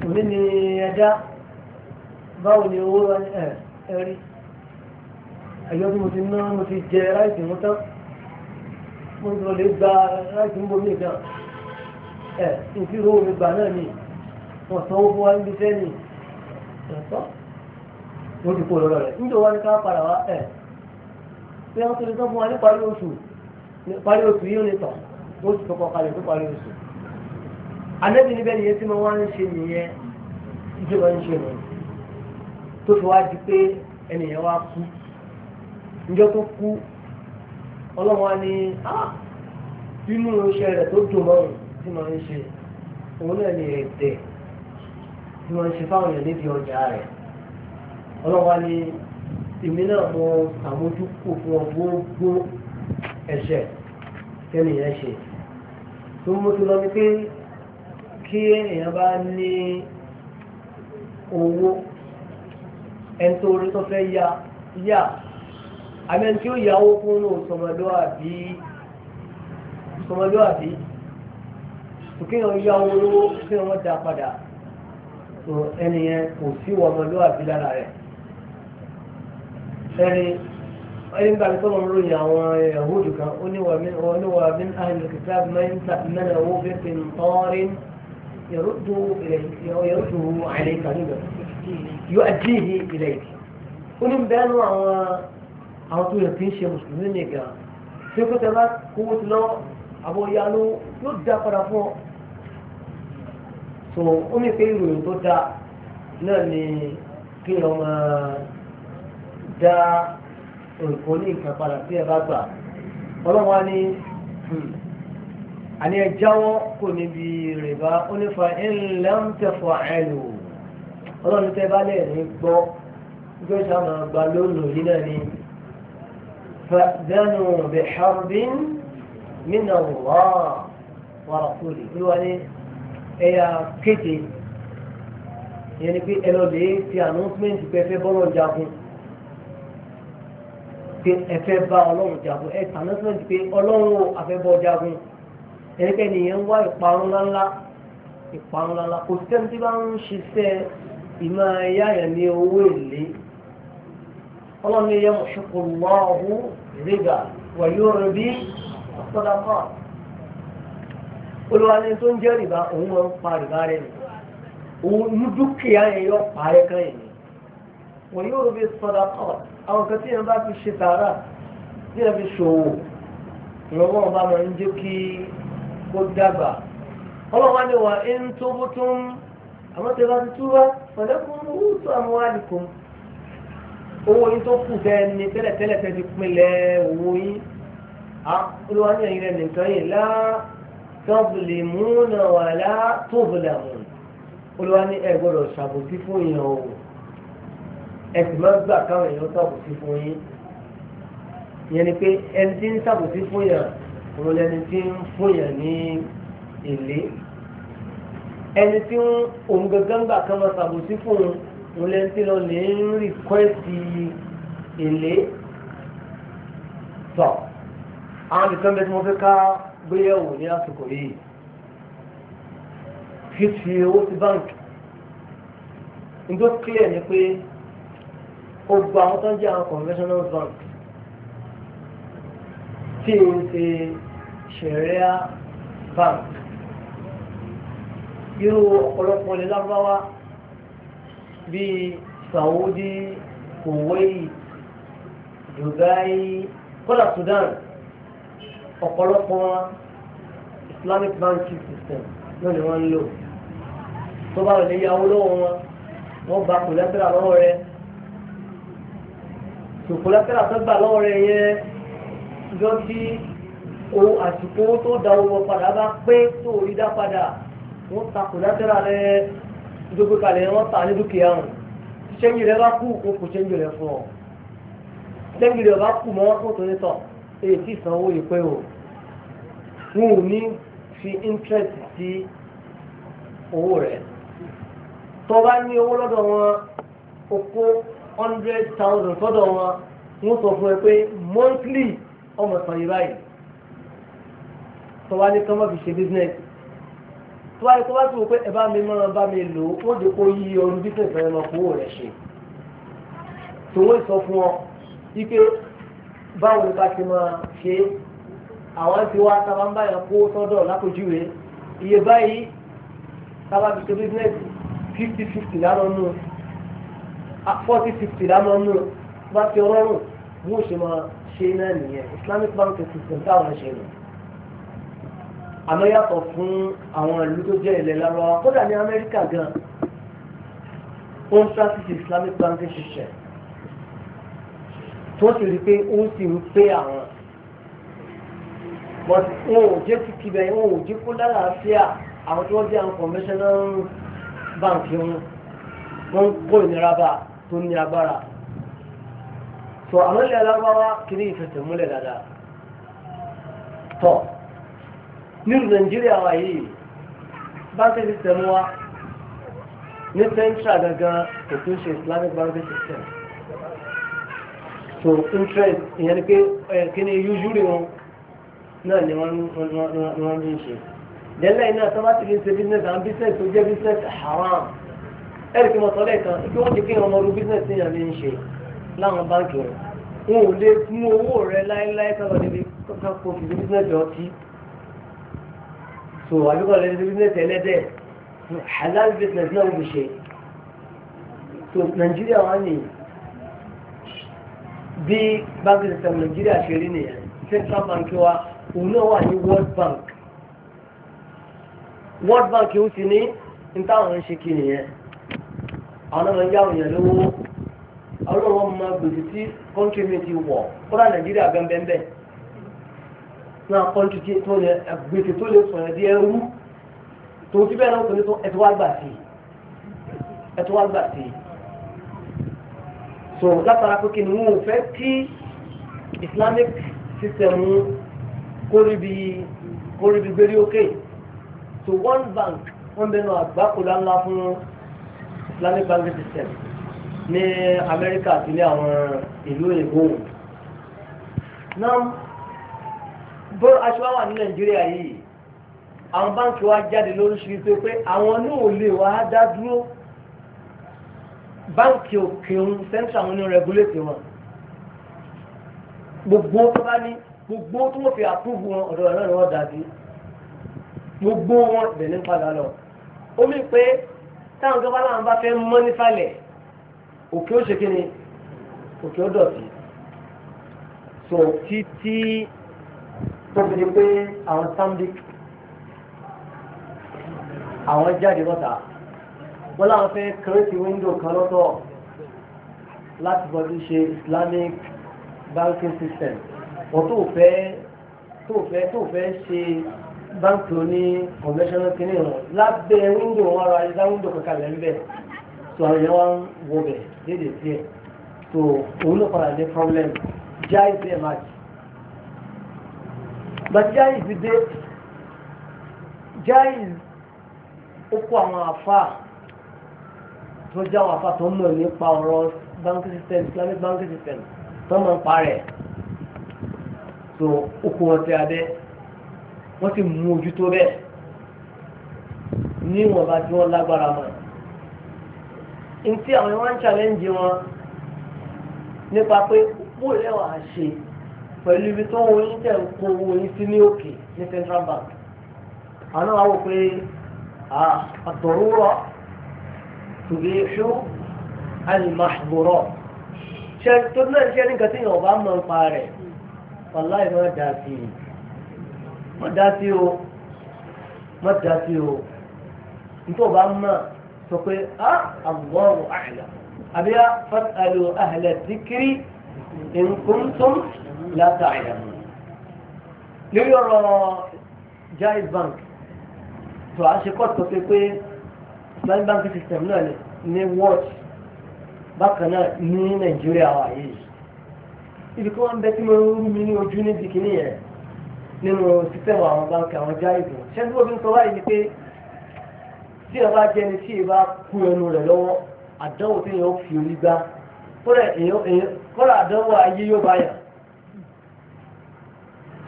أخذني يجا باوني أولا أهل أه، أه، ẹ̀yọ́ tí mo ti ná mo ti jẹ ráìtì mú tán mo ti lọlé gba ráìtì ń bomi gan ẹ̀ nítí rówó gbà náà ni wọ́n san owó fún wa níbi iṣẹ́ ni ẹ̀tọ́ mo ti kó lọ́rọ̀ rẹ̀ níjọ wa ni ká padà wá ẹ̀ pé wọ́n tó lè sọ fún wa ní parí oṣù parí oṣù yìí ó lè tọ̀ ó sì tọkọ kalẹ̀ tó parí oṣù anẹ́bí níbẹ̀ nìyẹn tí mo wá ń ṣe nìyẹn ìjọba ń ṣe nìyẹn tó fi wá di pé ẹnìyẹn wá kú níjọ́ tó kú ọlọ́wọ́ ni inú iṣẹ́ rẹ̀ tó dùn mọ́rùn tí wọ́n ń ṣe òun náà ni ẹ̀dẹ̀ tí wọ́n ń ṣe fáwọn èèyàn níbi ọjà rẹ̀ ọlọ́wọ́ ni èmi náà mọ àmójúkò fún ọ gbogbo ẹ̀ṣẹ̀ tẹ́nìyàn ṣe tó mú tó lọ ní kí èèyàn bá ní owó ẹni tó orí tó fẹ́ yá yá àbẹ́ni tí ó yàwó fún ní sọmọlúwàbí sọmọlúwàbí kí wọ́n yàwó lówó kí wọ́n dá padà tó ẹni yẹn kò sí ọmọlúwàbí lára rẹ̀ ẹni ẹni bá mi sọ́mọ lóyìn àwọn yahudu kan ó ní wà mí ahìlú kìtà mẹ́rin owó fífi tọ́rin yẹrùdù yẹrùdù àìlẹ́kà nígbà yóò àdíhì ìlẹ́kì ó ní bẹ́ẹ̀ nù àwọn àwọn tó yẹ kí ń ṣe mùsùlùmí nìkan tí ó kọ́tẹ́ bá kówó ti lọ àwọn ìyá yóò dá padà fún ọ. so ó ní pé ìròyìn tó dáa náà ni kí ọ máa dá nǹkan ní nǹkan padà tí ẹ bá gbà ọlọ́wọ́n á ní hmm, àní ẹ jáwọ́ kò níbi rìbá ó ní fa ńlẹ́ ń tẹ̀fọ̀ ẹ̀ ọlọ́run tẹ́ bá lẹ́ẹ̀ ní gbọ́ gbé máa gba lónìí náà ni. فأذنوا بحرب من الله ورسوله olúwa ní ẹ̀yà kéde ìyẹn ni pé ẹ lọ lè fi announcement pé ẹ fẹ́ bọ́lọ̀ jagun pé ẹ fẹ́ bá ọlọ́run jagun ẹ fi announcement pé ọlọ́run ò afẹ́bọ́ jagun ẹnikẹ́ni yẹn ń wá ìparun ńláńlá ìparun ńláńlá kò sí tẹ́ni tí bá ń ṣiṣẹ́ ìmọ̀ ẹ̀yà yẹn ní owó èlé ọlọ́run ní yẹmu ṣùkú lọ́ọ̀hù rìgà wà yóò rẹ bí ọ̀pọ̀lọpọ̀ olùwà ni tó ń jẹ́ rìbá òun máa ń pa rìbá rẹ̀ nìyẹn òun dúkìá yẹn yọ parẹ́ kan yìí wọ́n yóò bí sọ́dọ̀kọ́ àwọn kan tí yẹn bá fi ṣe tààrà tí yẹn fi ṣòwò lọ́wọ́ ọba máa ń jẹ́ kí kó dàgbà ọlọ́wọ́ ni wà ń tóbó tó ń àwọn tí ti túbá pẹ̀lẹ́kùn ń wútu àwọn owó yín tó kù tẹ́ ní tẹ́lẹ̀tẹ́lẹ̀ tẹ́ ti pinlẹ̀ owó yín olúwa ní ẹ̀yìn rẹ̀ nìkan yìí lá tọ́bùlì múnà wà lá tóbùlà mù olúwa ní ẹ gbọ́dọ̀ ṣàbòsí fún yín o ẹ sì máa gbà káwọn èèyàn ṣàbòsí fún yín ìyẹn ni pé ẹni tí ń ṣàbòsí fún yàn òun lẹni tí ń fún yàn ní èlé ẹni tí ń òun gangan gbà kan ṣàbòsí fún un mo lẹ́ tí lọ lè ń rìkwẹ́sì èlé tọ̀ àwọn nìkan bẹ́ẹ̀ tí mo fẹ́ ká gbéyẹ̀wò ní àsìkò yìí fífi owó sí báńkì nígbà clear ni pé ó gba àwọn tó ń jẹ́ àwọn conventional bank tí ó ṣe sharia bank irú ọ̀pọ̀lọpọ̀ ilẹ̀ lárúbáwá bíi Saudi Kuwait Dubai kódà Sudan ọ̀pọ̀lọpọ̀ Islamic banking system náà ni wọ́n ń lò tó bá lè yáwó lọ́wọ́ wọn wọ́n gba kòlẹ́tẹ̀rà lọ́wọ́ rẹ̀ kòlẹ́tẹ̀rà tó gbà lọ́wọ́ rẹ̀ yẹn lọ sí owó àsìkò tó da owó padà bá pé tó rí dá padà wọ́n ta kòlẹ́tẹ̀rà rẹ̀ dókè kalẹ̀ wọ́n tà ní dúkìá wọn ṣẹ́ńjì rẹ bá kú o kò ṣẹ́ńjì rẹ fún ọ ṣẹ́ńjì rẹ bá kú mọ́ wọn tó ní tọ̀ èyí tí ìsanwó yìí pé o wọn ò ní fi interest sí owó rẹ tó bá ní owó lọ́dọ̀ wọn o kó hundred thousand sọ́dọ̀ wọn wọ́n sọ fún ẹ pé monthly ọmọ sàn báyìí tó bá ní kí fi ṣe business tó wáyé tó bá ti wò pé ẹ̀bá mi máa bá mi lò ó dé kó yí ọrùn bí tẹ̀sán ẹ̀rọ kówó rẹ̀ ṣe tòun sọ fún ọ ike báwo ni ká ti máa ṣe àwọn ti wá sábà ń báyà kó sọ́dọ̀ lápòjúwe iye báyìí sábà fi ṣe bísínẹ́sì fifty fifty lánàá nù forty fifty lánàá nù bá ti rọrùn bó ṣe máa ṣe náà nìyẹn Islamic banking system táwọn ṣe nù àmọ́ yàtọ̀ fún àwọn ìlú tó jẹ́ ilẹ̀ lárúbáwá kódà ní amẹ́ríkà gan ó ń practice islamic banking system tó sì rí pé ó sì ń pé àwọn but wọn ò jẹ́ kíkí bẹ́ẹ̀ wọn ò jẹ́ kó lálàáfíà àwọn tí wọ́n jẹ́ àwọn bank wọn wọ́n kó ìnira bá tó ní agbára so àwọn ilẹ̀ lárúbáwá kiri ìfẹsẹ̀múlẹ̀ dáadáa tọ́ nírú nàìjíríà wa yìí báńkì system wa ní central gangan kò tún ṣe islamic banking system so interest ìyẹn ni pé kí ni usually wọn náà ni wọ́n ń ṣe dẹ́lẹ́ iná tó bá ti fi ṣe business àwọn business tó jẹ́ business haram ẹ̀rì kí mo sọ lẹ́ẹ̀kan kí wọ́n ti fi hàn ọmọdún business tí yàn ní í ṣe láwọn báńkì rẹ̀ wọn ò lè mú owó rẹ̀ láéláé sábà níbi kọ́kọ́ kó fi business ọtí tó àdúgbò lẹ́nu bísínẹ́sì ẹlẹ́dẹ̀ halal business náà ń ṣe tó nàìjíríà wà ní bí báńkì system nàìjíríà ṣe rí nìyẹn central bank wa òun náà wà ní world bank world bank ó ti ní ní táwọn ń ṣe kí nìyẹn àwọn ọmọ ìyá òyìn lówó ọlọ́wọ́ máa náà kọ́ńtù tí tó lè gbèsè tó lè sọ̀rọ̀ di ẹrú tó ti bẹ́ẹ̀ náà tó ní tó ẹ̀tọ́ wá gbà sí ẹ̀tọ́ wá gbà sí. so látara pé kí ni wọn ò fẹ́ kí islamic system kórìbì kórìbì gbérí òkè so one bank wọn bẹnu àgbákòlá ńlá fún islamic banking system ní amẹ́ríkà àti ní àwọn ìlú èkó náà bó aṣọ wà ní nàìjíríà yìí àwọn báńkì wa jáde lóríṣiríṣi pé àwọn ní ò lè wá dá dúró báńkì òkè òun central wọn ní rẹgúlétì wọn gbogbo tó bá ní gbogbo tó wọ́n fi àpúrúfù wọn ọ̀dọ̀ náà ni wọ́n dàbí gbogbo wọn bẹ̀rẹ̀ padà lọ omi pé táwọn tó bá láwọn bá fẹ́ mọ́ nífàlẹ̀ òkè ó ṣe kí ni òkè ó dọ̀tí so títí tó fi di pé àwọn samdic àwọn jáde lọ́ta wọ́n láwọn fẹ́ kírètì wíńdò kan lọ́tọ̀ láti bọ́dún ṣe islamic banking system wọ́n tó fẹ́ tó fẹ́ tó fẹ́ ṣe báńkì oní conventional kìíní wọn lábẹ́ wíńdò wọn ra ẹ̀dá wíńdò kankan lẹ́ńbẹ̀ tó àwọn èèyàn wọn wọ bẹ̀ déédéé tiẹ̀ tó òun ló padà ní problem jáì bẹ́ẹ̀ máa jì but jaiz dé jaiz ó kó àwọn àfa tó jẹ́ àwọn àfa tó mọ̀ nípa ọ̀rọ̀ bank system islamic bank system tó mọ̀ nípa rẹ̀ so ó kó wọn sí abẹ́ wọ́n sì mú ojú tó bẹ́ẹ̀ ní ìwọ̀nba tí wọ́n lágbára mọ̀ ntí àwọn ìwọ̀n ń challenge wọn nípa pé bóyá wàá ṣe pẹ̀lú ibi tó wọ́n yín tẹ̀ ń kó owó yín sí ní òkè ní central bank àwọn náà wò pé àtọ̀rúwọ̀ tòbí ṣó àlùmáṣbòrọ̀ ṣe tó náà ṣe nǹkan tí yọ̀ọ̀ bá mọ̀ ń pa rẹ̀ wàláì má dá sí i má dá sí o má dá sí o nítorí bá mọ̀ sọ pé a àgbọ̀rù àhìlà àbí fásitì àlò àhìlà síkírì in kuntum láta àyàmù lórí ọ̀rọ̀ Jaiz Bank tó a ṣe kọ́ tọ́pẹ́ pé Islamic banking system náà ní world bákan náà ní Nàìjíríà wà yìí ibi kí wọ́n bẹ tí mo ń rú mi ní ojú níbi kìíní yẹn nínú system àwọn báńkì àwọn Jaiz ṣẹ́ni tí wọ́n fi ń sọ báyìí ni pé tí ẹ bá jẹni tí ẹ bá kú ẹnu rẹ lọ́wọ́ àdánwò tí èèyàn fi orí gbá kọ́lá àdánwò ayé yóò bá yàn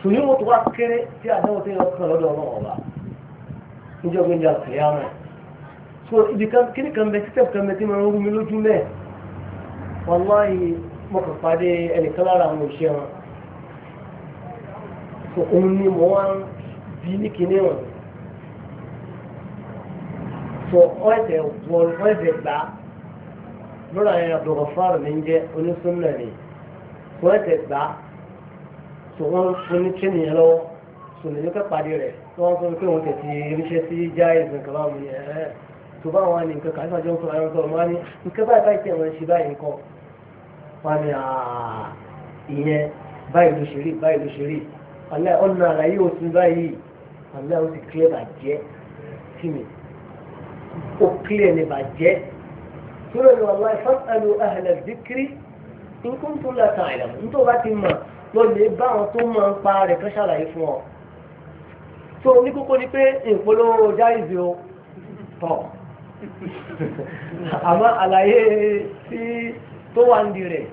tò yín wọ́n tó wá kéré tí àdánwò tó yẹ ọkàn lọ́dọ̀ ọlọ́run ọba níjọba ìjà kìyàmù so ibi kíní kan bẹ títẹ̀ kan bẹ tí wọ́n rú mi lójú mẹ́ wàláhì mo kàn pàdé ẹnìkan lára àwọn òṣìṣẹ́ wọn so òun ni mo wá ń bí ní kíní wọn so ọ ẹsẹ̀ wọ ọ ẹsẹ̀ gbà lọ́dọ̀ àyẹ̀yẹ̀ àbdùkọ̀ fáàrù mi ń jẹ́ onísùnnà ni wọ́n ẹsẹ̀ gbà tó wọ́n ń fún ní tíní yẹn lọ́wọ́ tó lè ní ká pàdé rẹ̀ tó wọ́n fún pé wọ́n tẹ̀sí ríṣẹ́ sí já ìsìn kan báwọn yẹn ẹ̀ tó bá wọn ní nǹkan kan àti àjọ sọ̀rọ̀ sọ̀rọ̀ wọn ní nǹkan báyìí báyìí tí àwọn ṣe báyìí nǹkan wọn ni ìyẹn báyìí ló ṣe rí báyìí ló ṣe rí alẹ́ ọ̀nà àlàyé òsín báyìí alẹ́ ó ti kílẹ̀ bàjẹ́ sí mi ó kílẹ̀ ní bàjẹ́ tó látàn àìlàmù nítorí wọ́n bá ti mọ̀ lọ lè bá àwọn tó mọ̀ ń pa rẹ̀ kan ṣàlàyé fún ọ tó ní kókó ni pé ìpolówó jáìzì o tọ̀ àmọ́ àlàyé tí tó wà ń di rẹ̀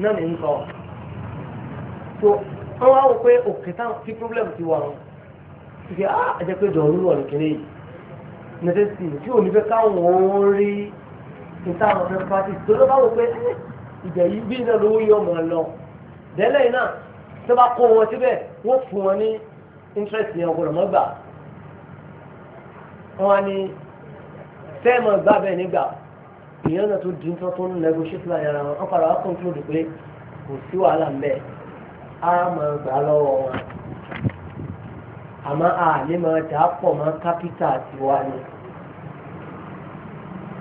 náà ní nǹkan tó wọ́n wá wò pé òkè táwọn tí problem ti wà wọn ìgbé àjẹ́ ah, pé jọ̀ọ́ lúwọ̀ ní kiri yìí nẹ́tẹ́sì tí ò ní fẹ́ káwọn òun rí ní táwọn fẹ́ pàtì tó lọ́ bá wò pé eh, ìjẹ̀ bí iná lówó yọ̀ mọ́ lọ dẹ́lẹ̀ iná tó bá kó wọn síbẹ̀ wọ́n fún wọn ní interest yẹn ọgbọ́dọ̀ mọ́ gbà wọn ni fẹ́ẹ̀mọ̀ gbà bẹ́ẹ̀ nígbà ìyẹn náà tó dín tán tó ń negotiate láyé ara wọn wọ́n padà wá conclude pé kò sí wàhálà ń á máa gbà lọ́wọ́ wọn àmọ́ àlè máa dà á pọ̀ mọ́ kápítà tiwa ni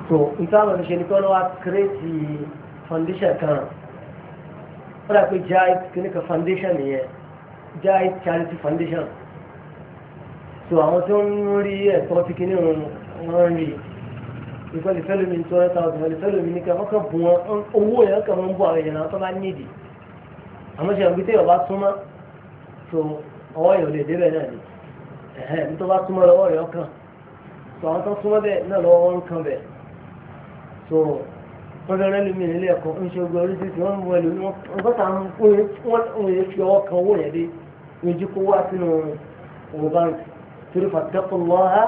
so ìtàn àwọn ìṣẹ̀lẹ̀ tó lọ́wọ́ create foundation kan fọ́nà pé Jaiz kìnnìkan foundation nìyẹn Jaiz charity foundation so àwọn tó ń rí ẹ̀tọ́ ti kìnnì wọn rí ìfẹ́ lè fẹ́lómi ní two hundred thousand lè fẹ́lómi ní kẹfọ́ kan bùn wọn owó yẹn kàn ń bọ̀ àwọn èèyàn náà tó bá nídìí àmọ́ ṣe àgbẹ̀tẹ̀ yọ̀ bá súnmọ́ so ọwọ́ yẹn ò lè débẹ̀ náà ni ẹ̀hẹ́n tó bá súnmọ́ lọ́wọ́ yẹn kàn so àwọn tó súnmọ́ bẹ́ẹ̀ náà lọ́wọ́ wọn kàn bẹ́ẹ̀ so wọ́n fẹ́ rẹ́ lómi nílé ẹ̀kọ́ ń ṣe ogun oríṣiríṣi wọ́n ń wọ ẹlòmí wọ́n bọ́ta wọ́n lè fi ọwọ́ kan owó yẹn dé ojú kó wá sínú owó báńkì torí fàtẹ́kùn lọ́ ha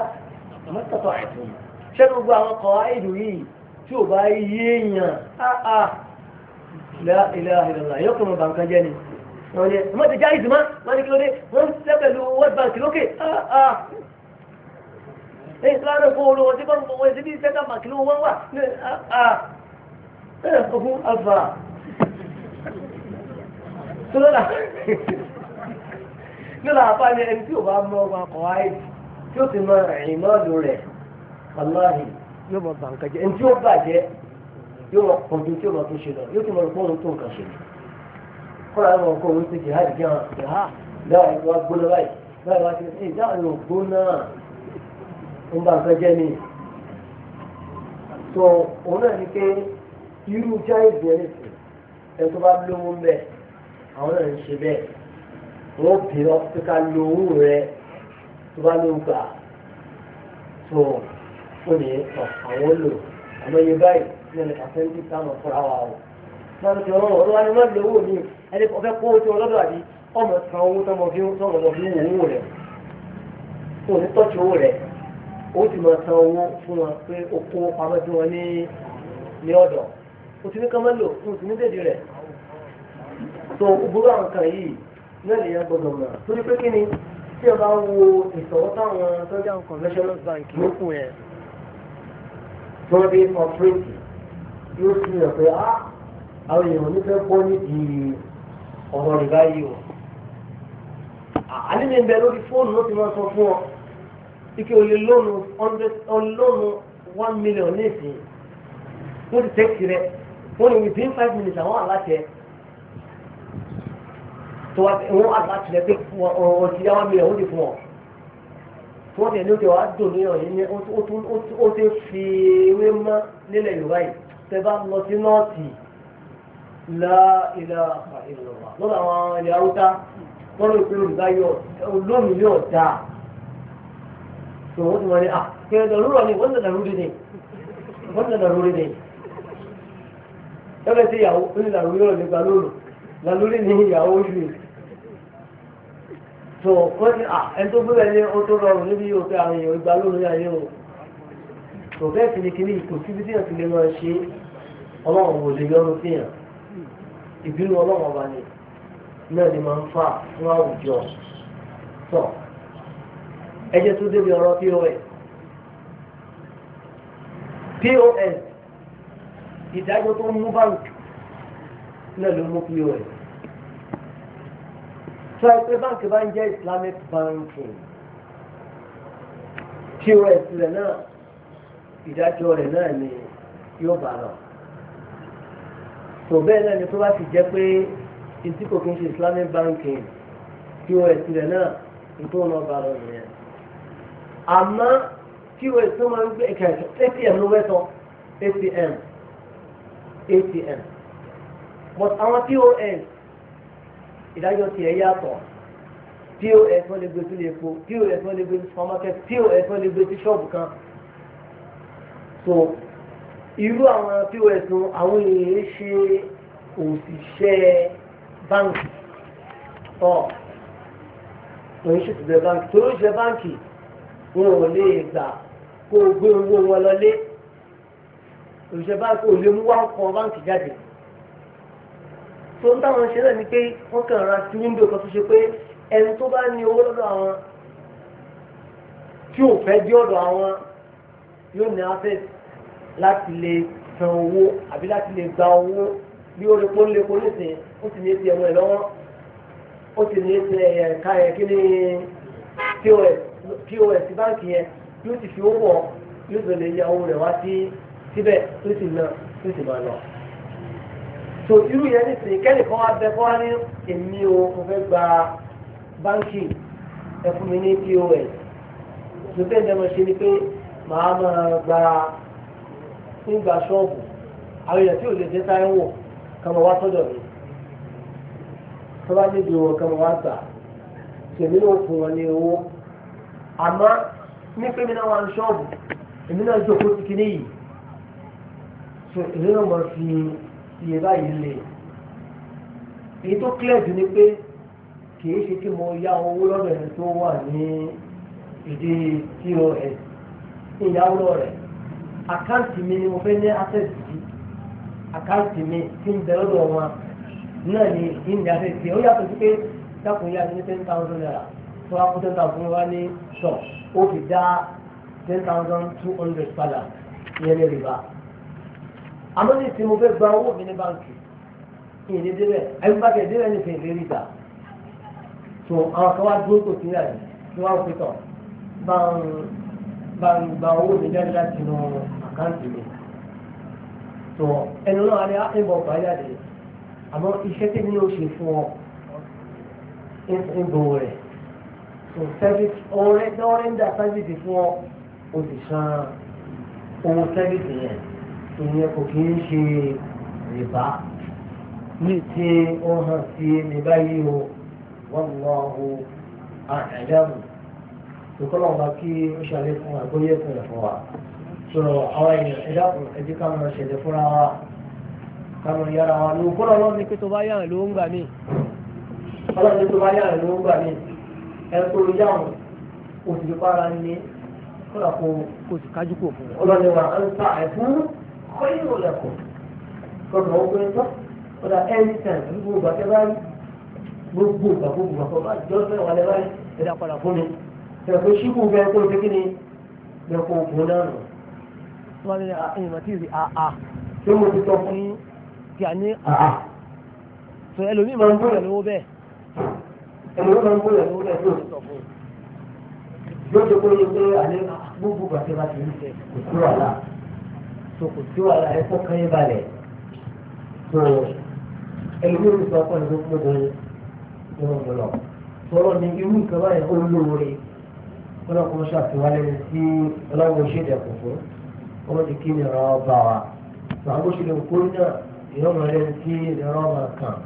mọ́tàtọ̀ àìsàn ṣé gbogbo àwọn kan àìdù yìí tí ò bá yé èèyàn áà ilẹ̀ àìlọ́lá yóò kọ́ mọ bàǹkan jẹ́ ni wọ́n ní ọmọ ti já ìdìmọ́ wọ́n ní kí ló dé wọ́n ń pẹ̀lú world bank lókè áà ẹ̀yìn tí wọ́n olówó tí wọ́n ń bọ̀ wọ́n ti ẹ̀ sọ fún àgbà tó lọ́la nílò àbá ni ẹni tí ò bá mọ ọgbà kọ̀ wáyé tí ó ti mọ ẹ̀yìn náà lò rẹ̀ aláhì yóò mọ bàǹkà jẹ ẹni tí ó bàjẹ́ yóò mọ ọdún tí ó mọ tó ṣe lọ yóò ti mọ ọgbọ́n ohun jihad jẹ́ hàn ṣe ha láì wá gbóná báyìí láì wá ṣe ẹ̀ ni. tó òun ni pé irú jáìsì ẹni sì ẹ tó bá lówó ń bẹ àwọn náà ń ṣe bẹ́ẹ̀ wọn bì lọ pé ká lo owó rẹ tó bá lówó gbà tó ó ní ọ àwọn lò àmọ́ iye báyìí ní ẹni pàṣẹńtì táwọn fúnra wa o máa ń fi ọ̀rọ̀ ọ̀rọ̀ wani máa ń lówó mi ẹni ọfẹ kó o ti ọlọdọ àbí ọmọ san owó tọmọ fi tọmọ lọ fi wò owó rẹ tó ní tọ́jú owó rẹ o ti máa san owó fún wọn pé o kó pamọ́ sí wọn ní ọ̀dọ̀ o ti ní kọ́ mọ́lò o ti ní dèdè rẹ̀ tó gbogbo àwọn kan yìí náà lè yẹn gbọdọ̀ mọ̀ torí pé kí ni tí o ń wo ìṣòwò táwọn tó jẹ́ àwọn conventional bank lókun yẹn tó ń bí ọ̀pẹ́rẹ́tì yóò fi hàn pé á ah, àwọn èèyàn ní fẹ́ bọ́ nídìí ọ̀rọ̀ rẹ̀ báyìí o àlejò ń bẹ lórí fóònù ló ti máa sọ fún ọ ike o lè lónù one million ní ìsìn wọ́n ti tẹ́kì rẹ̀ wọ́n within five minutes àwọn aláṣẹ tó wọ́n aláṣẹ pé ọtí yá wọn mi rẹ̀ wọ́n ti fún ọ tí wọ́n tẹ̀lé òkè wàá dùn ní ọ̀yìn ní ó ti fi ewé mọ́ nílẹ̀ Yorùbá yìí tẹ́ bá lọ sí nọ́ọ̀tì láìlà ìlọ́wà lọ́dọ̀ àwọn ilẹ̀ haúsá tọ́lọ́ ìpínlẹ̀ Yorùbá yọ olómi yóò dáa tó wọ́n ti wọ́n ní à ah, kí ẹ lọ́rùrọ̀ ni wọ́n ti lọ́rùrọ̀ ni wọ́n ti lọ́rùrọ̀ ni lọ́dọ̀ sí ìyàwó ó ní làlórí ọ̀rọ̀ nípa lóòrò làlórí ní ìyàwó oṣù yìí tó wọ́n ti ẹni tó gbé ẹni ó tó rọrùn níbi yóò pé àwọn èèyàn ìgbà lóòrò yà yóò tó bẹ́ẹ̀ sì ni kíní kò síbi tí ẹ̀sìn lè máa ṣe ọlọ́run ò lè yọrù fihàn ìbínú ọlọ́run ọba ni náà ni máa ń fà fún àwùjọ tọ̀ ẹjẹ tó débi ọ̀rọ̀ pọ́s pọ́s ìdájọ́ tó mú báńkì náà ló mú pos sọ pé báńkì bá ń jẹ́ islamic banking pos rẹ̀ náà ìdájọ́ rẹ̀ náà ni yóò bá lọ tó bẹ́ẹ̀ náà ni tó bá ti jẹ́ pé ìdí kò kí n ṣe islamic banking pos rẹ̀ náà ìtò náà bá lọ nìyẹn àmọ́ pos tó máa ń gbé ẹ̀ka atm ló wẹ́ sọ atm atm but àwọn pos ìdájọ́ tiẹ̀ yàtọ̀ pos wọ́n lè gbé sílé epo pos wọ́n lè gbé sí supermarket pos wọ́n lè gbé sí ṣọ́ọ̀bù kan so irú àwọn pos nu àwọn èèyàn ṣe òṣìṣẹ́ báńkì ọ̀ òun ṣe tìbẹ̀ báńkì torí ṣe báńkì wọn ò lè gbà kó o gbé owó wọn lọlé òṣìṣẹ́ báńkì ò lè mú wá ọkọ̀ báńkì jáde tó ń táwọn ṣe náà ni pé wọ́n kàn ra sí wíńdò kan tó ṣe pé ẹni tó bá ní owó lọ́dọ̀ àwọn tí ò fẹ́ dé ọ̀dọ̀ àwọn yóò ní afẹ́ láti lè san owó àbí láti lè gba owó bí ó lè pọ́n lè pọ́n nísìnyí ó sì ní ti ẹ̀wọ̀n ẹ̀ lọ́wọ́ ó sì ní ti ẹ̀ka ẹ̀ kí ni pos pos báńkì yẹn yóò ti fi owó yóò sì lè ya owó rẹ̀ wá sí síbẹ̀ tó sì náà tó sì máa lọ. so irú yẹn ní sìn kẹ́nìkan wá bẹ kọ́ wá ní èmi o mo fẹ́ gba báńkì ẹ fún mi ní pos tó bẹ́ẹ̀ dẹ́mọ̀ ṣe ni pé màá máa gba fún ìgbà ṣọ́ọ̀bù àwọn èèyàn tí ò lè dé sáré wò kàn máa wá sọ́dọ̀ mi tó bá níbi wọn kàn máa wá gbà tèmi náà fún wọn ní owó àmọ́ ní pé mi náà wà ní ṣọ́ọ̀bù èmi náà jókòó ti kíní yìí so ìlú náà máa fi iye báyìí lè èyí tó clear ni pé kìí ṣe kí mo yá owó lọ́dọ̀ ẹni tó wà ní èdè pos ìyáwó rẹ̀ àkáǹtì mi ni mo fẹ́ ní access sí àkáǹtì mi tí ń bẹ lọ́dọ̀ wọn náà ni ìní access sí ó yàtọ̀ sí pé dákun yá ní ten thousand naira tó wá kó ten thousand wá ní sọ ó fi dá ten thousand two hundred padà ìyẹn ní rìbá àmọ́ ní ìsìn mo fẹ́ gba owó mi ní báńkì ìyẹn dédé bẹ́ẹ̀ ayé bá tẹ̀ délẹ̀ nìkan ìlé rí ta tó àwọn kan wá dúró tó sílẹ̀ rẹ̀ tí wọ́n fi tọ̀ bá ń bá ń gba owó mi jáde láti inú àkáǹtì mi tó ẹnu náà ní ìbọn ọgbà jáde àmọ́ iṣẹ́ tí mi ò ṣe fún ọ ìbò rẹ̀ tó sẹ́fíìsì ọ̀rẹ́ dọ́rẹ́ ń dà sáfíìsì fún ọ o sì san owó sẹ́fíìsì yẹn ìyẹn kò kí ń ṣe rìbá ní tí ó hàn sí ní báyìí o wọ́n lọ o àdámù ìkọlọ̀ ọba kí ó ṣàlẹ̀ fún àgbóyè fún ẹ̀fọ́ wa sọ̀rọ̀ àwọn èèyàn ẹ̀dá ẹ̀dí ká máa ṣẹ̀dẹ̀ fúnra wa ká máa wa ló kọ́lọ̀ lọ́wọ́ ni pé tó bá yàrá ló ń gbà mí. kọ́lọ̀ ni tó bá yàrá ló ń gbà mí ẹ kó o yáwọn o sì fi para ní kọ́lọ̀ kó o sì kájú kò fún ọ. ọlọ́ni wa ń ta ẹ̀fún kọ́ ìrò lẹ́kọ̀ọ́ gbọ́dọ̀ ó gbé tán ọ̀dà ẹ̀rí tẹ̀ gbogbo ìgbà tẹ́ báyìí gbogbo ìgbà gbogbo ìgbà kọ́ bá jọ́ fẹ́ wà lẹ́ báyìí ẹ̀dá padà fún mi tẹ̀ pé ṣíkú bẹ́ẹ̀ kó ṣe kí ni bẹ́ẹ̀ kó ògùn náà nù. wọ́n ní ìmọ̀ tí ì ṣé mo ti sọ fún kí a ní sọ ẹlòmíì máa ń bóyá lówó bẹ́ẹ̀. ẹlòmíì máa ń bóyá lówó bẹ́ẹ̀ tó kò sí wàhálà ẹ kó kán yín balẹ̀ tó ẹlòmíràn sọ ọkọ ní gbogbo dání ní wọn bọ̀ lọ tọrọ ní irú nǹkan báyìí ó lówó rẹ ọlọ́kùnrin ṣàfiwálé sí ọlọ́run ṣèdè kò fún ọmọdé kí ni ọ̀rọ̀ bá wa màá bó ṣe lè kó náà ìyọ́mọ̀ rẹ̀ sí ẹ̀rọ máa kàn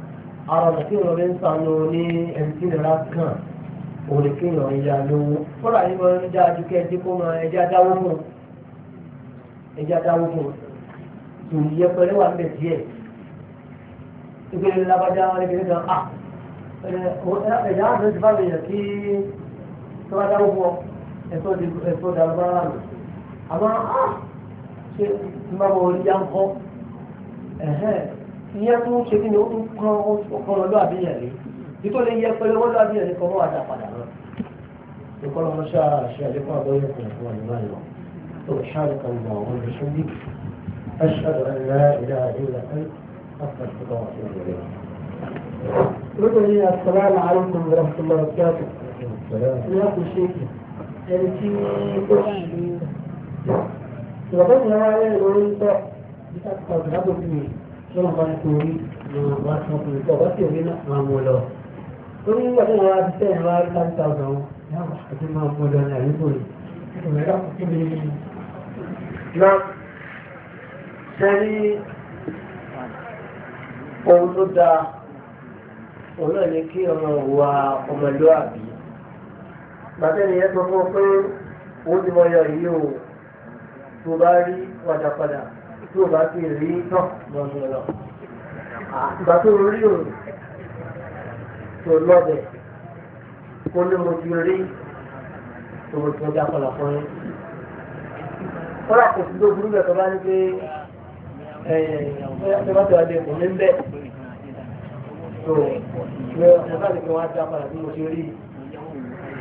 ara ọ̀nà tí ìrọ̀ rẹ̀ ń sanu ní ẹni tí ìrọ̀ kàn òun ni kí ìrọ̀ ìyá lówó fọ́nà yìí máa ń dáa ju kẹ́ ẹ ẹja dáwó fún wọn tò yẹpẹrẹ wà níbẹ̀ díẹ̀ ìpele labajá wọn níbi nígbà ah ẹ̀yà àti ti bá mi yàn kí tọ́wá dáwó fún ọ ẹ̀tọ́ dàrúbá rà lọ àmọ́ ah ṣe ìmọ̀mọ̀ oríyá ń kọ́ ìyẹn tó ń ṣe kí ni ó tún kọ́ ọkọ̀ lọ́dọ̀ àbíyàn rí nítorí yẹpẹrẹ wọ́n lọ́dọ̀ àbíyàn rí kọ́ mọ́ àdàpadà náà ìkọlọmọṣẹ́ àṣẹ àlékún àgbọ́yé fún ẹ̀fọ́ àyíká سبحانك اللهم وبحمدك اشهد ان لا اله الا انت استغفرك واتوب اليك السلام عليكم ورحمة الله وبركاته. السلام. السلام عليكم. ولكن هذا هو náà sẹ́rí ohun tó dáa òun náà ni kí ọmọ ìwà ọmọlúwàbí bàtẹ́ni yẹn sọ fún ọ pé owó ti mọ yọ yìí o tó bá rí padàpadà tó bá ti rí tán lọ́nà lọ àgbà tó rí o tó lọ́bẹ̀ kó ní mo ti rí tó mo ti dá padà fún yín kọ́lá kò sí ló burú bẹ̀tọ̀ bá ní pé ẹ̀yẹ bá tó adé kò ní bẹ́ẹ̀ tó lọ ọ̀gá lè fi wọ́n á dá padà bí mo ṣe rí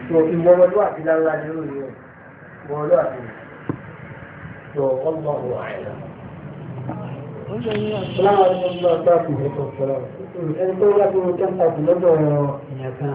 tó ìwọ ọmọdé àti lára ní orí rẹ̀ ìwọ ọmọdé àti tó ọgbà ọ̀rọ̀ àìlá. Láwọn ọmọ ọmọ ọgbà kò ní kọ̀ọ̀kan. Ẹni tó wá bí mo kẹ́ńtà kù lọ́dọ̀ ìyàkan.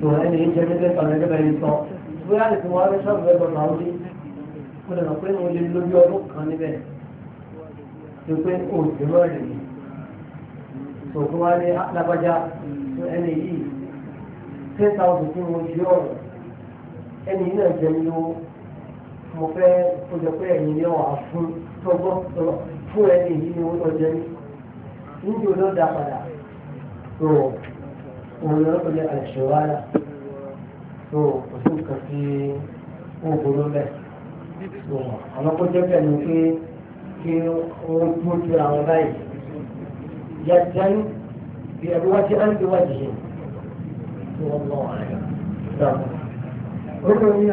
tó ẹni jẹ́ gẹ́gẹ́ tọ̀nà gẹ́gẹ́ bẹ́ẹ̀ sọ bóyá lè fi wọ́n rẹ́ sọ́ọ̀bù ẹ̀bọ̀ náà rí mo lè mọ̀ pé mo lè lójú ọdún kan níbẹ̀ tó pé o sì rọ̀ rẹ̀ mi tó kó wá ní lágbájá ẹni yìí ten thousand tí mo ṣe ọ̀rọ̀ ẹni yìí náà jẹ́ mi lówó mo fẹ́ kó jẹ pé ẹ̀yin ni wà fún tọ́gbọ́n fún ẹni yìí e ni wọ́n lọ jẹ́ mi níbi olóòdà padà tó òun ni wọ́n pè ní àìṣèwádà tó kò sí nǹkan tí ó burú bẹ́ẹ̀ tó àwọn kó jẹ́ bẹ́ẹ̀ ni pé kí wọ́n dúró ju àwọn báyìí yàtọ̀ bí ẹbí wá sí àǹtí wá jìyìn tó wọ́n lọ́wọ́ àyà. Orúkọ mi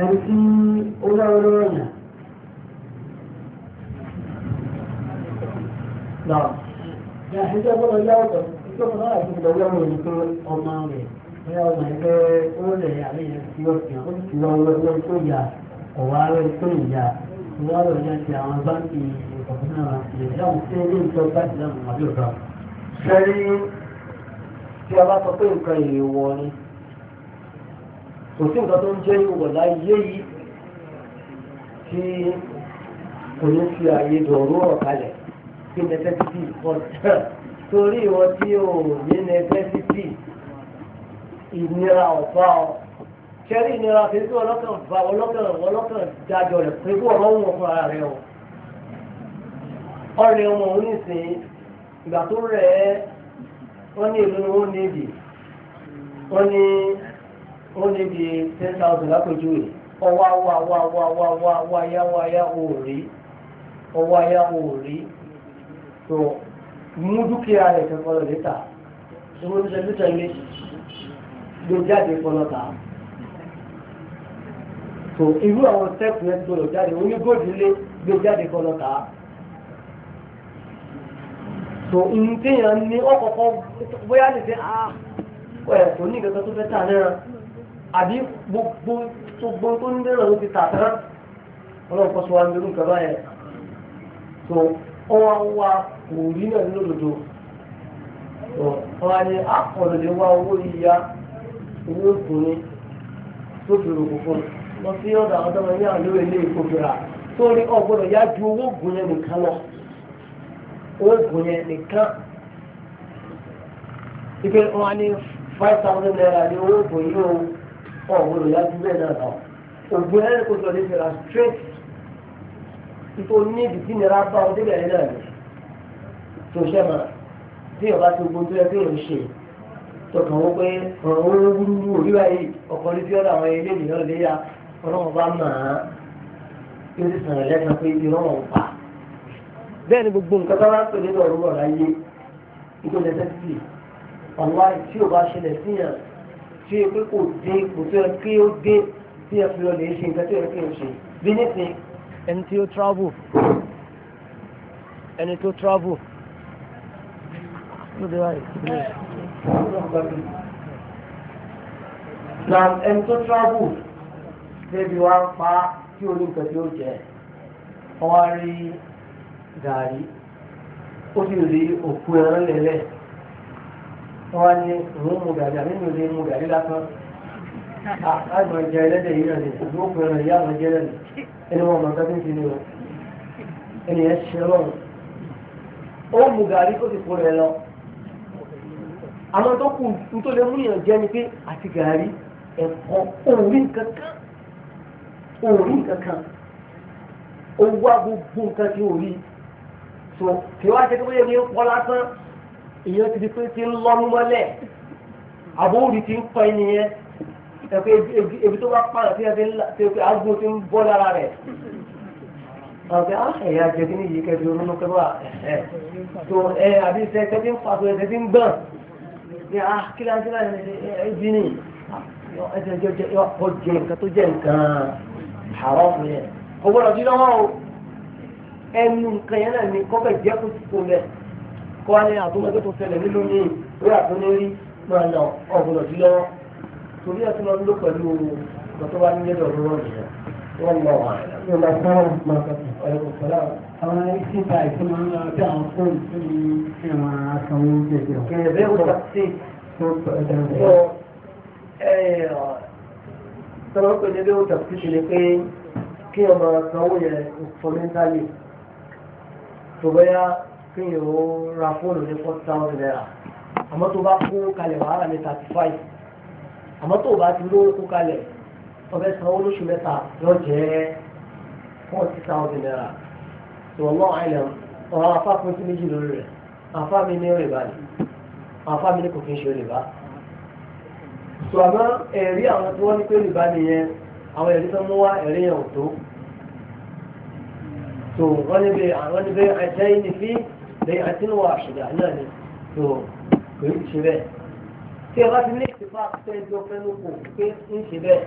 Ẹni tí ó dáwọ́ lọ́rọ̀ yàn ìjà ìjọba náà àti ìgbà wíwá wọn ọmọ rẹ̀ ẹ̀yà ọmọ ẹgbẹ́ ó lẹ̀ àlẹ́ yẹn ti fi hàn ó ti wọ́n wọ́n tó yà ọ̀wá rẹ̀ tó ìyà ìwà rẹ̀ ti àwọn báńkì ìkọ̀kọ̀nà ìyẹ̀dá òun tí ilé ìtọ́ báńkì náà mọ̀ àbí ọ̀dọ́. sẹ́rí tí a bá sọ pé nǹkan èèwọ̀ ni kò sí kí necessity ọ̀tàn torí ìwọ tí o ní necessity ìnira ọ̀fà ọ kẹrí ìnira kìí tó ọlọ́kàn fa ọlọ́kàn ọlọ́kàn dájọ rẹ̀ pé kó ọ̀rọ̀ wọn fún ara rẹ̀ o ọ̀rẹ́ ọmọ òun nìsín ìgbà tó rẹ̀ ẹ́ wọ́n ní ìlú wọn ní èdè wọ́n ní wọ́n ní èdè ten thousand lápèjúwe ọwọ́ awọ́ awọ́ awọ́ awọ́ awọ́ ayáwọ́ ayá òòrí ọwọ́ ayá òòrí so mú dúkìá rẹ̀ kankan lọ létà tí wọ́n ti ṣe tẹ̀lé ló jáde pọlọ́ta so irú àwọn sẹ́ẹ̀kù yẹn gbọdọ̀ jáde onígbòdìlé ló jáde pọlọ́ta so nkéèyàn ní ọkọ̀ọ̀kọ̀ bóyá lè fẹ́ ah ẹ̀kọ́ ní ìgbẹ́ta tó fẹ́ tà náà àbí gbogbo gbogbo tó ń dẹ́rọ̀ ló ti tà tán ọlọ́run sọ wa ń dẹrù nǹkan báyẹn so Ọwa wa wá òrí náà lódodo ọ̀wá ni akọ̀lọ̀lẹ̀ wá owó yíya owó ìkùnrin tó bèrè òkùnkùn lọ sí ọ̀dà ọ̀dọ́mọ ní ilé ìkóbìrà tó ní ọgbọ́dọ̀ yá owó ògùn yẹn nìkan owó ògùn yẹn nìkan ipe wọn ní five ipò ní ìdìtì nira bá ọ débẹ̀ yẹn náà ni tó ṣe mà tí ọba ti gbogbo tó yẹ kí òun ṣe tọkàn wọn pé ọ̀rọ̀ wọn wúrúwú òríwá yìí ọkọ̀ ní tí ọ̀dọ̀ àwọn ilé ìlú léyà ọlọ́run bá mà á yóò ti sàn lẹ́sàn pé irọ́ wọn pa bẹ́ẹ̀ ni gbogbo nǹkan tó bá ń pè nínú ọ̀rọ̀ wọn láyé ìgbẹ́ lẹ́sẹ̀tì ọ̀la tí ò bá ṣẹlẹ̀ síyàn tí o pé kò dé kò tó yẹ kí ó dé tí ẹ fi lọ lè ṣe nǹkan tó yẹ kí ó ṣe bí nísìnyí ẹni tí ó travel ẹni tó travel ló dé wáyé. na ẹni tó travel débi wá ń pa kí o ní nǹkan tí ó jẹ wọ́n wá rí gàrí ó sì rí òkú ẹran lẹ́lẹ̀ wọ́n wá ní òun mú gàrí àmì mi ò lè mú gàrí lásán. àìmọ̀ ìjẹ ẹlẹ́dẹ̀ yìí náà ni òkú ẹran ìyá àwọn ẹjẹ lẹ́nu ẹni wọn màá gbàgbé ìdílé wọn ẹni yẹn ṣe lọ́rùn ó mú gàrí ó sì kó rẹ lọ àmọ́ tó kù tó lè mú yàn jẹ́ ni pé àti gàrí ẹ̀kọ́ òórí nǹkan kan òórí nǹkan kan owó nǹkan tí ò rí so kí wá ṣe kébé ní pọ́ lásán ìyẹn ti di pé ti ń lọ́nu mọ́lẹ̀ àbórí ti ń pọ́ ẹni yẹn ẹ̀fẹ́ ebi tó bá pààyàn tí ẹ̀fẹ́ ṣe pé àgbo ti ń bọ́ lára rẹ̀ ọ̀gá ẹ̀yà jẹ̀dí ní yìí kẹ́bi orúkọ kẹ́bi wà ẹ̀ tó ẹ̀ àbí ṣe kẹ́bi ń fa tó ẹ̀ ti ń gbọ̀n ní à ah, kí láti láti ẹ̀ jí ni ẹ̀jẹ̀ jẹ́ jẹ́ ọkọ̀ jẹ nǹkan tó jẹ́ nǹkan àrọ́ fún yẹn kò gbọ́dọ̀ jí lọ́wọ́ o ẹnu nǹkan yẹn náà ni kọ́kẹ́ jẹ́ kó ti kún lẹ̀ kó wá ní àtúntò tó fẹlẹ̀ nílùú ní ìwé máa lọ ọ̀gbọ̀dọ̀ jí lọ́wọ́ torí ẹtí lọ ló pẹ̀lú ọ̀tọ́ wa nílé lọ́dún wọn yẹn wọ́n lọ wà. yóò lọ sọ́rọ̀ máa kọ́ ẹ̀rọ pẹ̀lú àwọn ìṣèta ìṣúná bí àwọn fóònù tó ní ìrìn àṣà wọn jẹjẹ. kẹ̀rẹ̀bẹ́ wọ́n bá ti sọ́wọ́n pé níbi ó tàbí ṣe ni pé kí ọmọ sanwó yẹn fọmẹ́ntálì tó bẹ́yà kí yóò ra fóònù ní four thousand naira àmọ́ tó bá kó kalẹ̀ wàhálà ní thirty five àmọ́ tó o bá ti lówó kó kalẹ̀ ọbẹ̀ sanwó lóṣù mẹ́ta yóò jẹ́ forty thousand naira tó ọlọ́run àìlẹ̀ ọ̀rọ̀ afá fún sí méjì lórí rẹ̀ afá mi ní rìbá ni afá mi ní kò fi ń ṣe rìbá tó àmọ́ ẹ̀rí àwọn tí wọ́n ní pé rìbá nìyẹn àwọn ẹ̀rí tó mú wá ẹ̀rí yẹn ò tó tó wọ́n ní bẹ́ẹ̀ àwọn ní bẹ́ẹ̀ àìsàn yìí ní fi bẹ́ẹ̀ àtinúwà àṣìdá náà ni tó kò ní ṣe bẹ́ẹ̀ tí ẹ bá ti ní ìtìfà pé ẹjọ́ fẹ́ ló kù pé ń ṣe bẹ́ẹ̀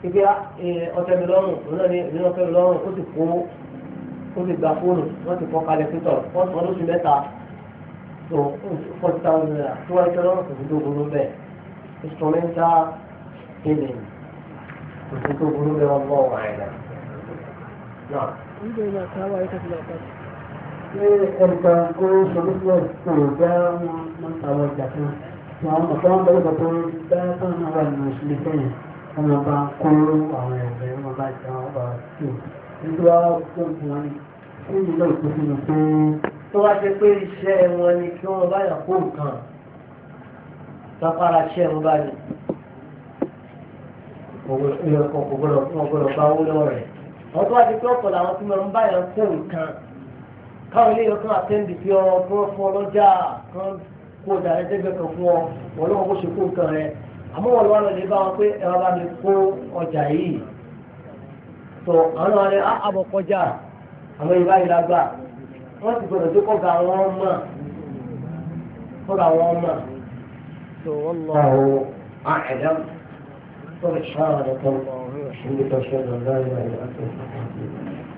pípẹ́ ọ̀tẹ̀ mi lọ́rùn òun náà ní ìdílé ọ̀tẹ̀ mi lọ́rùn ó sì kó ó ti gba fóònù wọ́n ti kọ́ kalẹ̀ pítọ̀ wọ́n sọ lóṣù mẹ́ta tó forty thousand naira tó wáyé tẹ́lẹ̀ wọ́n kò fi dógoro bẹ́ẹ̀ instrumental healing kò fi dógoro bẹ́ẹ̀ wọ́n bọ̀ wọ́n àyẹ̀dá. Ṣé ẹnìkan kó sọ pé kò dá wọn máa ń ta ọjà fún un? àwọn ọ̀sán wọn bẹ̀rẹ̀ pẹ̀lú bẹ́ẹ̀ tó ń wà nínú ìṣúlẹ̀ sẹ́yìn wọn máa bá kóró àwọn ẹ̀rẹ̀ wọn bá jẹ àwọn ọba tó nítorí wọn tó ń wọn ni fún mi náà tó fi mi pé. tó bá jẹ pé iṣẹ́ wọn ni kí wọ́n bá yà kó nǹkan lápára iṣẹ́ wọn bá ní ọgbọ̀rọ̀ bá owó lọ́wọ́ rẹ̀ wọ́n tó wá di pé ọ̀pọ̀ làwọn tí wọ́n bá yàn kó nǹkan káwọn ilé yọkàn àtẹ́ǹdì kí wọ́n fún ọ kan kó dàrẹ́ tẹ́gbẹ́ kan fún ọ wọ́n lọ́wọ́ bó ṣe kó nǹkan rẹ àmọ́ wọ́n lọ́wọ́ lè bá wọn pé ẹ̀rọ bá mi kó ọjà yìí tó àwọn ọ̀rẹ́ àbọ̀ kọjá àwọn ìbá yìí lágbà wọ́n ti gbọ́dọ̀ tó kọ́ga wọn mọ̀ kọ́ga wọn mọ̀ tó wọ́n lọ àwọn àìdám tó lè ṣáà rẹ̀ kọ́ ṣe ń gbé tó ṣe lọ láyé àìdám tó ṣe